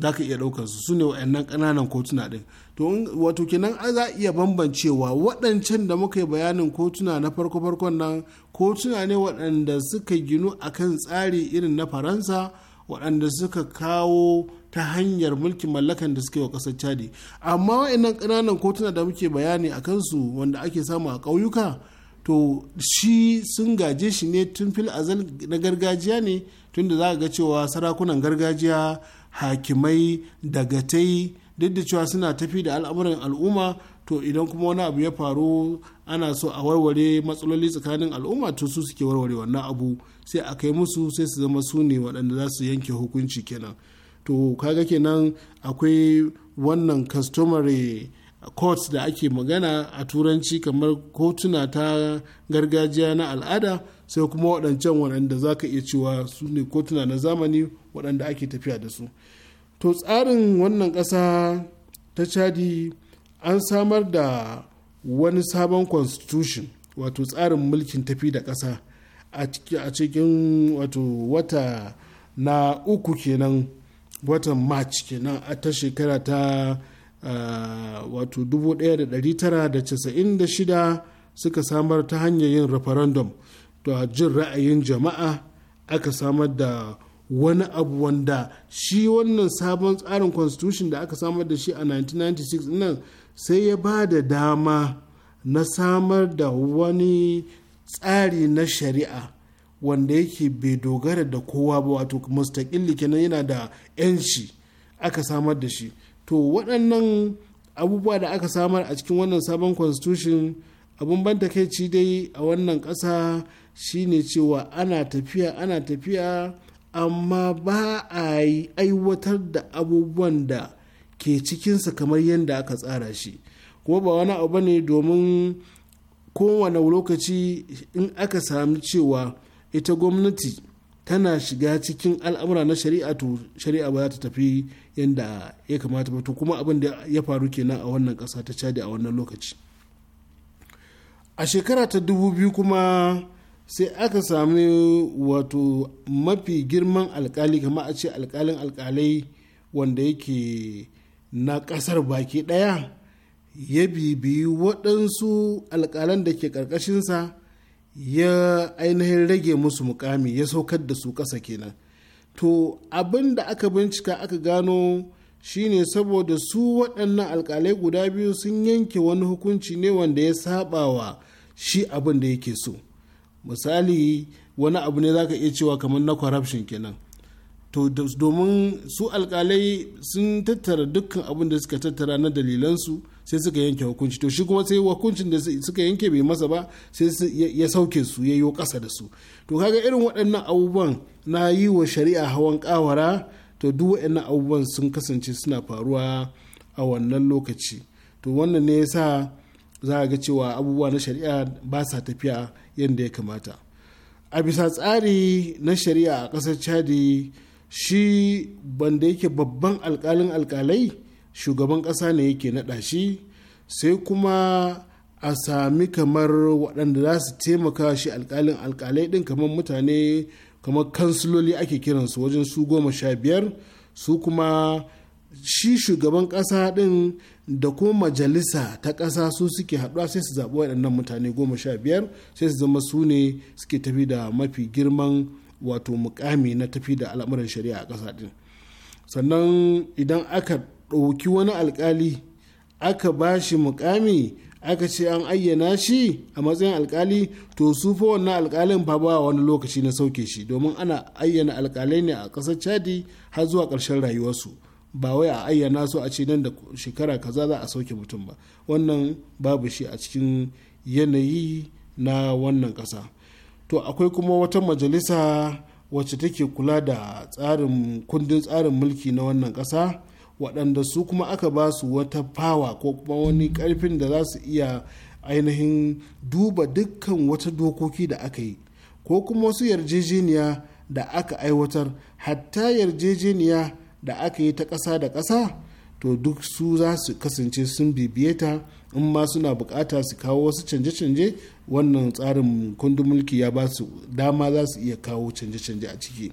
za ka iya ɗaukar su sune waɗannan kananan kotuna ɗin to wato kenan a za iya bambancewa waɗancan da muka yi bayanin kotuna na farko farkon nan kotuna ne waɗanda suka ginu akan tsari irin na faransa waɗanda suka kawo ta hanyar mulkin mallakan da suke wa ƙasar chadi amma waɗannan kananan kotuna da muke bayani a kansu wanda ake samu a ƙauyuka to shi sun gaje shi ne tun fil azal na gargajiya ne tunda za ga cewa sarakunan gargajiya hakimai dagatai duk da cewa suna tafi da al'amuran al'umma to idan kuma wani abu ya faru ana so a warware matsaloli tsakanin al'umma to su suke warware wannan abu sai a kai musu sai su zama su ne waɗanda za su yanke hukunci kenan to kaga kenan akwai wannan customary courts da ake magana a turanci kamar kotuna ta gargajiya na al'ada sai kuma waɗancan waɗanda za ka iya cewa su ne kotuna na zamani waɗanda ake tafiya da su to tsarin wannan ƙasa ta chadi an samar da wani sabon constitution wato tsarin mulkin tafi da ƙasa a cikin wato wata na uku kenan watan march kenan a ta shekara ta Eh, wato 1996 suka samar ta hanyar yin referendum a jin ra'ayin jama'a aka samar da wani abu wanda shi wannan sabon tsarin constitution da aka samar da shi a 1996 nan sai ya ba da dama na samar da wani tsari na shari'a wanda yake bai dogara da kowa ba wato mustaƙilli kenan yana da 'yanci aka samar da shi to waɗannan abubuwa da aka samar a cikin wannan sabon constitution abun ban takaici dai a wannan ƙasa shine cewa ana tafiya ana tafiya amma ba a yi aiwatar da abubuwan da ke cikinsa kamar yadda aka tsara shi kuma ba wani abu ne domin kowane lokaci in aka sami cewa ita gwamnati tana shiga cikin al'amura na shari'a to shari'a ba za ta tafi yadda ya kamata ba to kuma abin da ya faru kenan a wannan kasa ta cadi a wannan lokaci a shekara ta dubu biyu kuma sai aka sami wato mafi girman alkali kama a ce alkalin alkalai wanda yake na ƙasar baki ɗaya ya bibiyi waɗansu alkalan da ke ƙarƙashinsa ya ainihin rage musu mukami ya saukar da su ƙasa kenan to abin da aka bincika aka gano shine saboda su waɗannan alƙalai guda biyu sun yanke wani hukunci ne wanda ya saba wa shi abin da yake so misali wani abu ne zaka iya cewa kamar na corruption kenan to domin su alƙalai sun tattara dukkan abin da suka tattara na dalilansu sai suka yanke hukunci to shi kuma sai hukuncin da suka yanke bai masa ba sai ya sauke su ya yi kasa da su to kaga irin waɗannan abubuwan na yi wa shari'a hawan kawara to duk waɗannan abubuwan sun kasance suna faruwa a wannan lokaci to wannan ne yasa za a ga cewa abubuwa na shari'a ba sa tafiya yadda ya kamata a bisa tsari na shari'a a ƙasar chadi shi banda yake babban alƙalin alƙalai shugaban ƙasa ne yake naɗa shi sai kuma a sami kamar waɗanda za su taimaka shi alƙalin alkalai ɗin kamar mutane kamar kansiloli ake kiransu wajen su goma sha biyar su kuma shi shugaban ƙasa ɗin da kuma majalisa ta ƙasa su suke haɗuwa sai su zaɓi waɗannan mutane goma sha biyar sai su zama su ne suke tafi da mafi girman wato mukami na tafi da al'amuran shari'a a ƙasa ɗin sannan idan aka ɗauki wani alkali aka ba shi mukami aka ce an ayyana shi a matsayin alkali to su fa wannan alkalin fa ba wani lokaci na sauke shi domin ana ayyana alkalai ne a ƙasar chadi har zuwa ƙarshen rayuwarsu ba wai a ayyana su a ce nan da shekara kaza za a sauke mutum ba wannan babu shi a cikin yanayi na wannan ƙasa to akwai kuma wata majalisa wacce take kula da tsarin kundin tsarin mulki na wannan ƙasa waɗanda su kuma aka ba su wata fawa ko kuma wani ƙarfin da za su iya ainihin duba dukkan wata dokoki da aka yi ko kuma wasu yarjejeniya da aka aiwatar hatta yarjejeniya da aka yi ta ƙasa da ƙasa to duk su za su kasance sun bibiye ta in ma suna bukata su kawo wasu canje-canje wannan tsarin kundin mulki ya ba su dama za su iya kawo canje-canje a ciki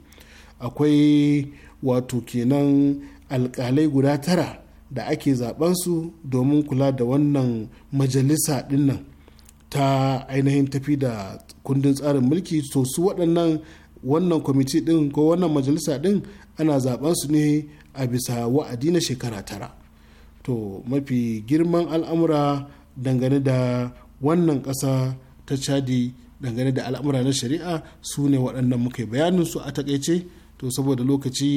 akwai wato kenan alkalai guda tara da ake zabansu domin kula da wannan majalisa dinnan ta ainihin tafi da kundin tsarin mulki to su waɗannan wannan kwamiti din ko wannan majalisa din ana zabansu ne a bisa wa'adi na shekara tara to mafi girman al'amura dangane da wannan ƙasa ta chadi dangane da al'amura na shari'a su ne waɗannan muka bayanin su a takaice to saboda lokaci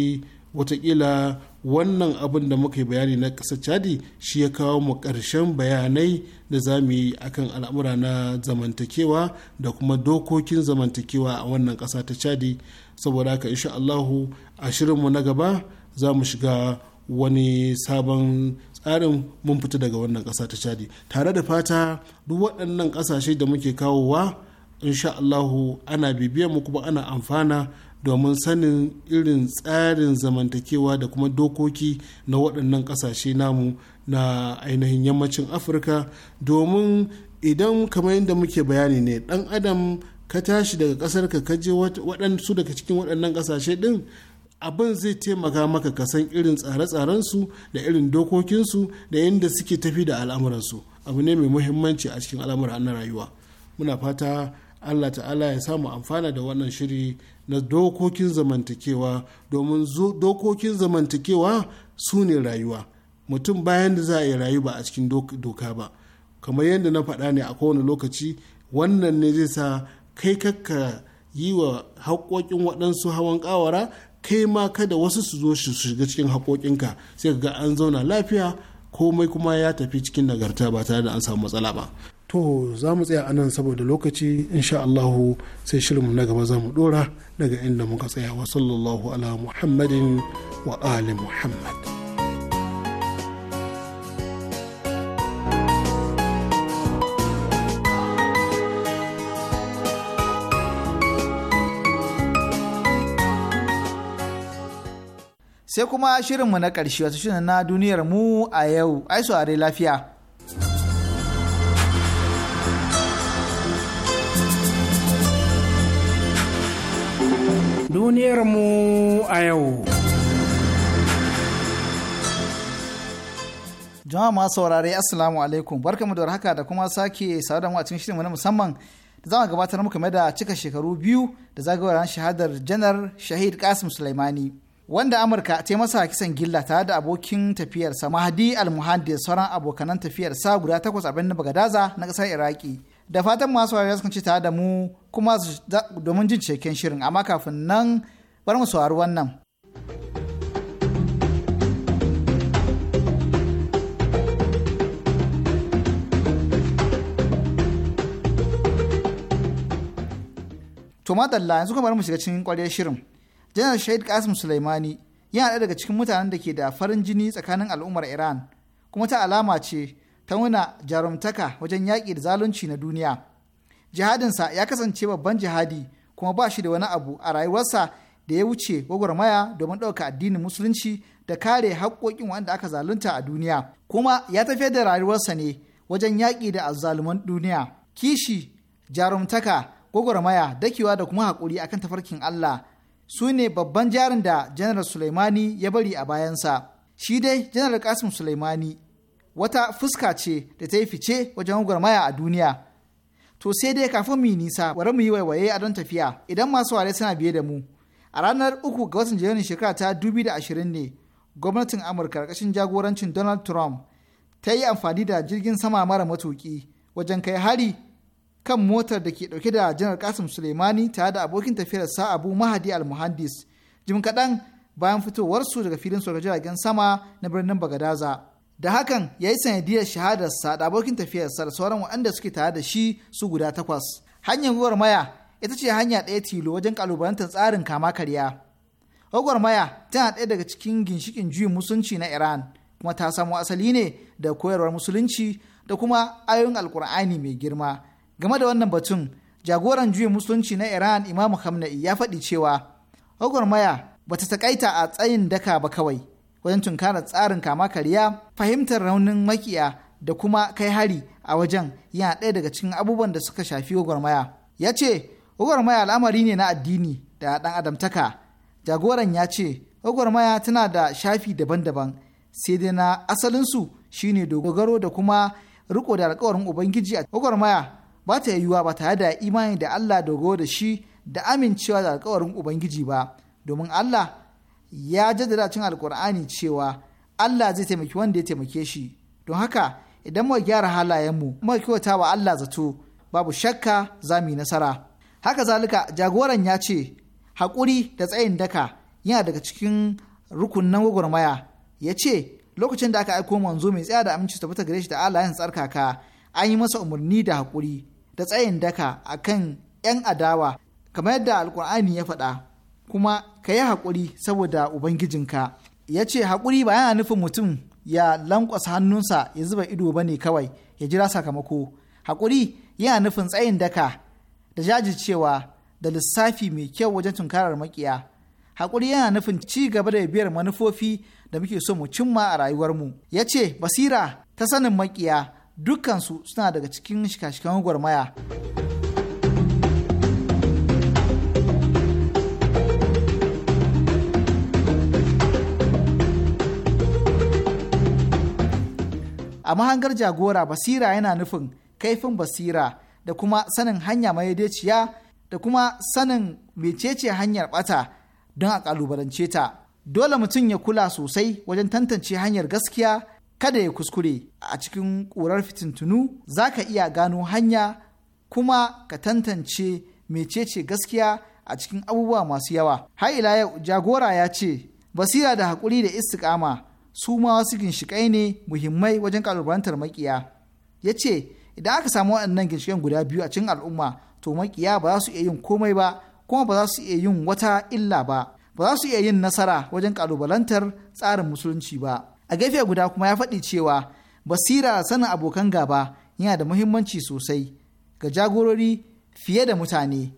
watakila wannan abin da muka yi bayani na ƙasar chadi shi ya kawo mu ƙarshen bayanai da za mu yi akan al'amura na zamantakewa da kuma dokokin zamantakewa a wannan ƙasa ta chadi saboda haka insha allahu a mu na gaba za mu shiga wani sabon tsarin mun fita daga wannan ƙasa ta chadi tare da fata duk waɗannan ƙasashe da muke kawowa insha allahu ana bibiyar mu kuma ana amfana domin sanin irin tsarin zamantakewa da kuma dokoki na waɗannan ƙasashe namu na ainihin yammacin afirka domin idan kamar yadda muke bayani ne ɗan adam ka tashi daga ƙasar ka kaje waɗansu daga cikin waɗannan ƙasashe ɗin abin zai taimaka maka ka san irin tsare-tsarensu da irin dokokinsu da yadda suke tafi da al'amuransu abu ne mai muhimmanci a cikin al'amuran na rayuwa muna fata allah ta'ala ya samu amfana da wannan shiri na dokokin zamantakewa domin dokokin zamantakewa su ne rayuwa mutum bayan da za a yi rayu ba a cikin doka ba kamar yadda na faɗa ne a kowane lokaci wannan ne zai sa kai kakka yi wa haƙoƙin waɗansu hawan ƙawara kai ma kada wasu su zo su shiga cikin haƙoƙinka sai ka ga an zauna lafiya komai kuma ya tafi cikin nagarta ba tare da an samu matsala ba to za mu tsaya anan saboda lokaci insha Allahu sai shirinmu na gaba za mu dora daga inda muka tsaya wa sallallahu ala muhammadin wa ali muhammad sai kuma shirinmu na ƙarshe wasu shirin na duniyar mu a yau ai lafiya duniyar mu a yau. Jama'a masu saurare Assalamu alaikum barkamu da warhaka da kuma sake da mu a cikin shirin na musamman da za gabatar muku game da cika shekaru biyu da zagayowar shahadar janar Shahid Kasim Sulaimani wanda Amurka ta masa kisan gilla tare da abokin tafiyarsa Mahdi Al-Muhaddi sauran abokanan tafiyarsa guda takwas a birnin Bagadaza na kasar Iraki. da fatan masu wayar sun ci tare da mu kuma domin jin ceken shirin amma kafin nan bar mu saurari wannan. To madalla yanzu kuma bari mu shiga cikin kwarya shirin. Janar Shahid Qasim Sulaimani yana daga cikin mutanen da ke da farin jini tsakanin al'ummar Iran kuma ta alama ce ta nuna jarumtaka wajen yaƙi da zalunci na duniya jihadinsa ya kasance babban jihadi kuma ba shi da wani abu a rayuwarsa da ya wuce gwagwarmaya domin ɗauka addinin musulunci da kare haƙƙoƙin wanda aka zalunta a duniya kuma ya tafiyar da rayuwarsa ne wajen yaƙi da azzaluman duniya kishi jarumtaka gwagwarmaya dakewa da kuma haƙuri akan tafarkin Allah su ne babban jarin da janar Sulaimani ya bari a bayansa shi dai janar Kasim Sulaimani wata fuska ce da ta yi fice wajen gwagwarmaya a duniya. To sai dai kafin mu yi nisa bari mu yi waiwaye a don tafiya idan masu ware suna biye da mu. A ranar uku ga watan Janairu shekara ta ashirin ne gwamnatin Amurka ƙarƙashin jagorancin Donald Trump ta yi amfani da jirgin sama mara matuki wajen kai hari kan motar da ke ɗauke da janar Kasim Suleimani tare da abokin tafiyarsa Abu Mahadi Al-Muhandis. Jim kaɗan bayan fitowarsu daga filin sojojin jiragen sama na birnin Bagadaza. da hakan ya yi sanadiyar shahadarsa da abokin tafiyarsa da sauran waɗanda suke tare da shi su guda takwas. Hanyar maya ita ce hanya ɗaya tilo wajen ƙalubalantar tsarin kama karya. maya tana ɗaya daga cikin ginshikin juyin musulunci na Iran kuma ta samo asali ne da koyarwar musulunci da kuma ayoyin alkur'ani mai girma. Game da wannan batun jagoran juyin musulunci na Iran Imam Khamenei ya faɗi cewa maya bata taƙaita a tsayin daka ba kawai. wajen tunkara tsarin kama karya fahimtar raunin makiya da kuma kai hari a wajen yana ɗaya daga cikin abubuwan da suka shafi gwagwarmaya ya ce gwagwarmaya al'amari ne na addini da ɗan adamtaka jagoran ya ce gwagwarmaya tana da shafi daban-daban sai dai na asalinsu shine dogaro da kuma riko da alkawarin ubangiji a gwagwarmaya ba ta yiwuwa ba tare da imani da allah dogaro da shi da amincewa da alkawarin ubangiji ba domin allah ya jaddada cin alkur'ani cewa Allah zai taimaki wanda ya taimake shi don haka idan mu gyara halayenmu mu kyauta wa Allah zato babu shakka za mu yi nasara haka zalika jagoran ya ce haƙuri da tsayin daka yana daga cikin rukunin gwagwarmaya ya ce lokacin da aka aiko manzo mai tsaya da aminci tafi ta gare shi da Allah tsarka tsarkaka an yi masa umarni da haƙuri da tsayin daka akan 'yan adawa kamar yadda alkur'ani ya faɗa kuma ka yi haƙuri saboda Ubangijinka. Ya ce haƙuri ba yana nufin mutum ya lankwasa hannunsa ya zuba ido ba ne kawai ya jira sakamako. Haƙuri yana nufin tsayin daka da jajircewa da lissafi mai kyau wajen tunkarar makiya. Haƙuri yana nufin ci gaba da biyar manufofi da muke so mu cimma a rayuwarmu. Ya ce basira ta sanin makiya dukkansu suna daga cikin shika-shikan gwarmaya. a mahangar jagora basira yana nufin kaifin basira da kuma sanin hanya maidaiciya da kuma sanin mecece hanyar bata don a kalubalance ta dole mutum ya kula sosai wajen tantance hanyar gaskiya kada ya kuskure a cikin ƙurar fitintunu za ka iya gano hanya kuma ka tantance mecece gaskiya a cikin abubuwa masu yawa har ila yau jagora ya ce basira da haƙuri da istiƙama su ma wasu ginshiƙai ne muhimmai wajen ƙalubalantar makiya ya ce idan aka samu waɗannan ginshiƙan guda biyu a cikin al'umma to makiya ba za su iya yin komai ba kuma ba za su iya yin wata illa ba ba za su iya yin nasara wajen ƙalubalantar tsarin musulunci ba a gefe guda kuma ya faɗi cewa basira sanin abokan gaba yana da muhimmanci sosai ga jagorori fiye da mutane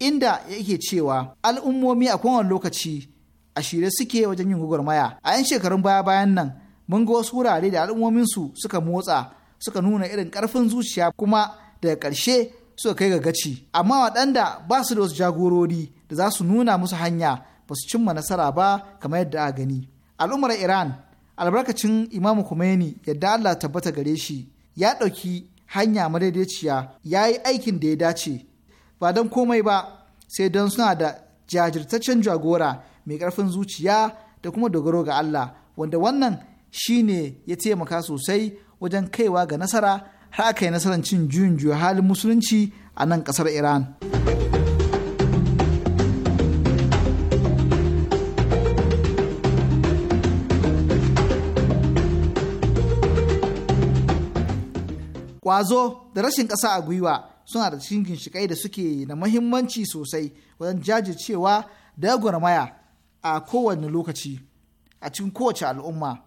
inda yake cewa al'ummomi a kowane lokaci a shirye suke wajen yin gwagwarmaya a 'yan shekarun baya bayan nan mun ga wasu wurare da al'ummominsu suka motsa suka nuna irin karfin zuciya kuma daga karshe suka kai ga gaci amma waɗanda ba su da wasu jagorori da za su nuna musu hanya ba su cimma nasara ba kamar yadda a gani al'ummar iran albarkacin imamu khomeini yadda allah tabbata gare shi ya ɗauki hanya madaidaiciya ya yi aikin da ya dace ba don komai ba sai don suna da jajirtaccen jagora mai ƙarfin zuciya da kuma dogaro ga Allah wanda wannan shi ne ya taimaka sosai wajen kaiwa ga nasara har aka yi nasarar cin juyin juya halin musulunci a nan ƙasar Iran. Ƙwazo da rashin ƙasa a gwiwa suna da cikin ginshiƙai da suke na muhimmanci sosai wajen jajircewa da gwarmaya a kowane lokaci a cikin kowace al'umma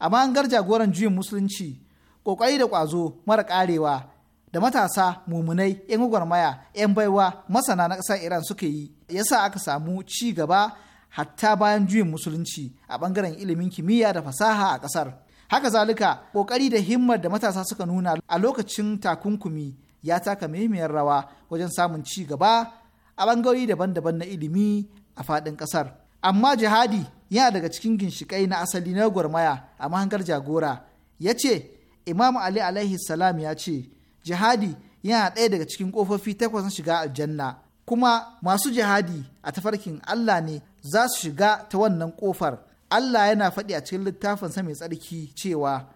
amma an gar jagoran juyin musulunci ƙoƙari da ƙwazo mara ƙarewa da matasa mumunai 'yan gwagwarmaya 'yan baiwa masana na ƙasar iran suka yi yasa aka samu ci gaba hatta bayan juyin musulunci a bangaren ilimin kimiyya da fasaha a ƙasar haka zalika ƙoƙari da himmar da matasa suka nuna a lokacin takunkumi ya taka muhimmiyar rawa wajen samun ci gaba a ɓangarori daban-daban na ilimi a faɗin ƙasar amma jihadi yana daga cikin ginshiƙai na asali na gwarmaya a mahangar jagora ya ce imam ali alaihi salam ya ce jihadi yana ɗaya daga cikin ƙofofi takwas na shiga aljanna kuma masu jihadi a tafarkin allah ne za su shiga ta wannan ƙofar allah yana faɗi a cikin sa mai tsarki cewa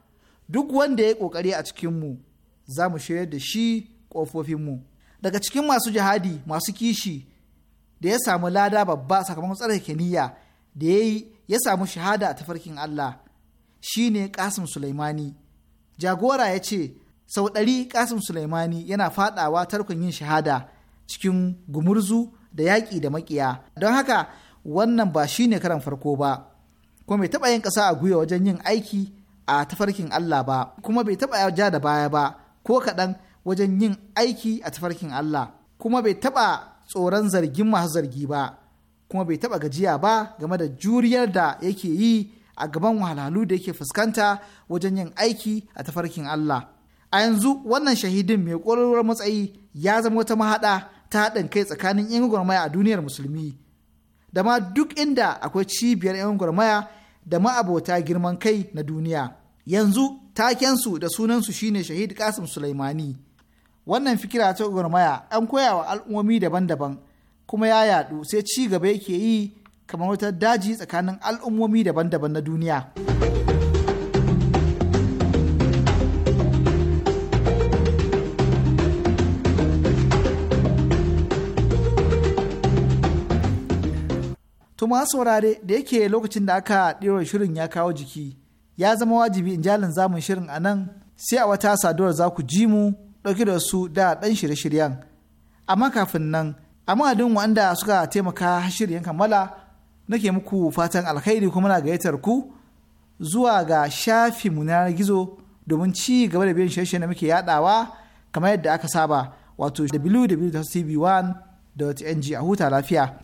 duk wanda ya yi ƙoƙari a cikinmu za mu shayar da shi ƙofofinmu daga cikin masu jihadi masu kishi da ya samu lada babba sakamakon tsarkake niyya da ya yi ya samu shahada a tafarkin Allah shine Kasim Sulaimani jagora ya ce sau ɗari Kasim Sulaimani yana fadawa tarkon yin shahada cikin gumurzu da yaƙi da maƙiya don haka wannan ba shine karan farko ba kuma bai taɓa yin ƙasa a gwiwa wajen yin aiki a tafarkin Allah ba kuma bai taɓa ja da baya ba ko kaɗan wajen yin aiki a tafarkin Allah kuma bai taɓa tsoron zargin masu zargi ba kuma bai taɓa gajiya ba game da juriyar da yake yi a gaban wahalhalu da yake fuskanta wajen yin aiki a tafarkin Allah. A yanzu wannan shahidin mai ƙwararwar matsayi ya zama wata mahaɗa ta haɗin kai tsakanin 'yan gwarmaya a duniyar musulmi. Da ma duk inda akwai cibiyar 'yan gwarmaya da ma'abota girman kai na duniya. Yanzu takensu da sunansu shine shahid Kasim Sulaimani. wannan fikira ta gurmaya an koya wa al'ummomi daban-daban kuma ya yadu sai ci gaba yake yi kamar wata daji tsakanin al'ummomi daban-daban na duniya. Tuma saurare da yake lokacin da aka ɗiro shirin ya kawo jiki, ya zama wajibi in jalin zamun shirin a nan sai a wata saduwar za ku ji mu ɗauki da su da ɗan shirye-shiryen amma kafin nan a madadin wanda suka taimaka shiryen kammala nake muku fatan alkhairi kuma na gayyatar ku zuwa ga shafi mu na gizo domin ci gaba da biyan shirye da muke yadawa kamar yadda aka saba wato www.tv1.ng a huta lafiya.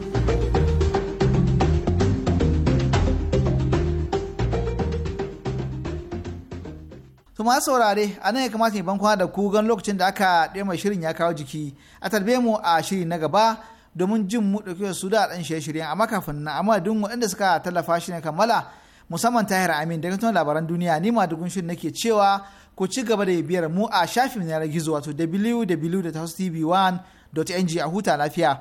To ma saurare a nan ya kamata ban kwana da ku gan lokacin da aka ɗema shirin ya kawo jiki a tarbe mu a shiri na gaba domin jin mu ɗauke su da ɗan shirye-shiryen amma kafin na amma duk waɗanda suka tallafa shi ne kammala musamman tahir amin daga tun labaran duniya ni ma dugun shirin nake cewa ku ci gaba da biyar mu a shafin yanar gizo wato www.tv1.ng a huta lafiya.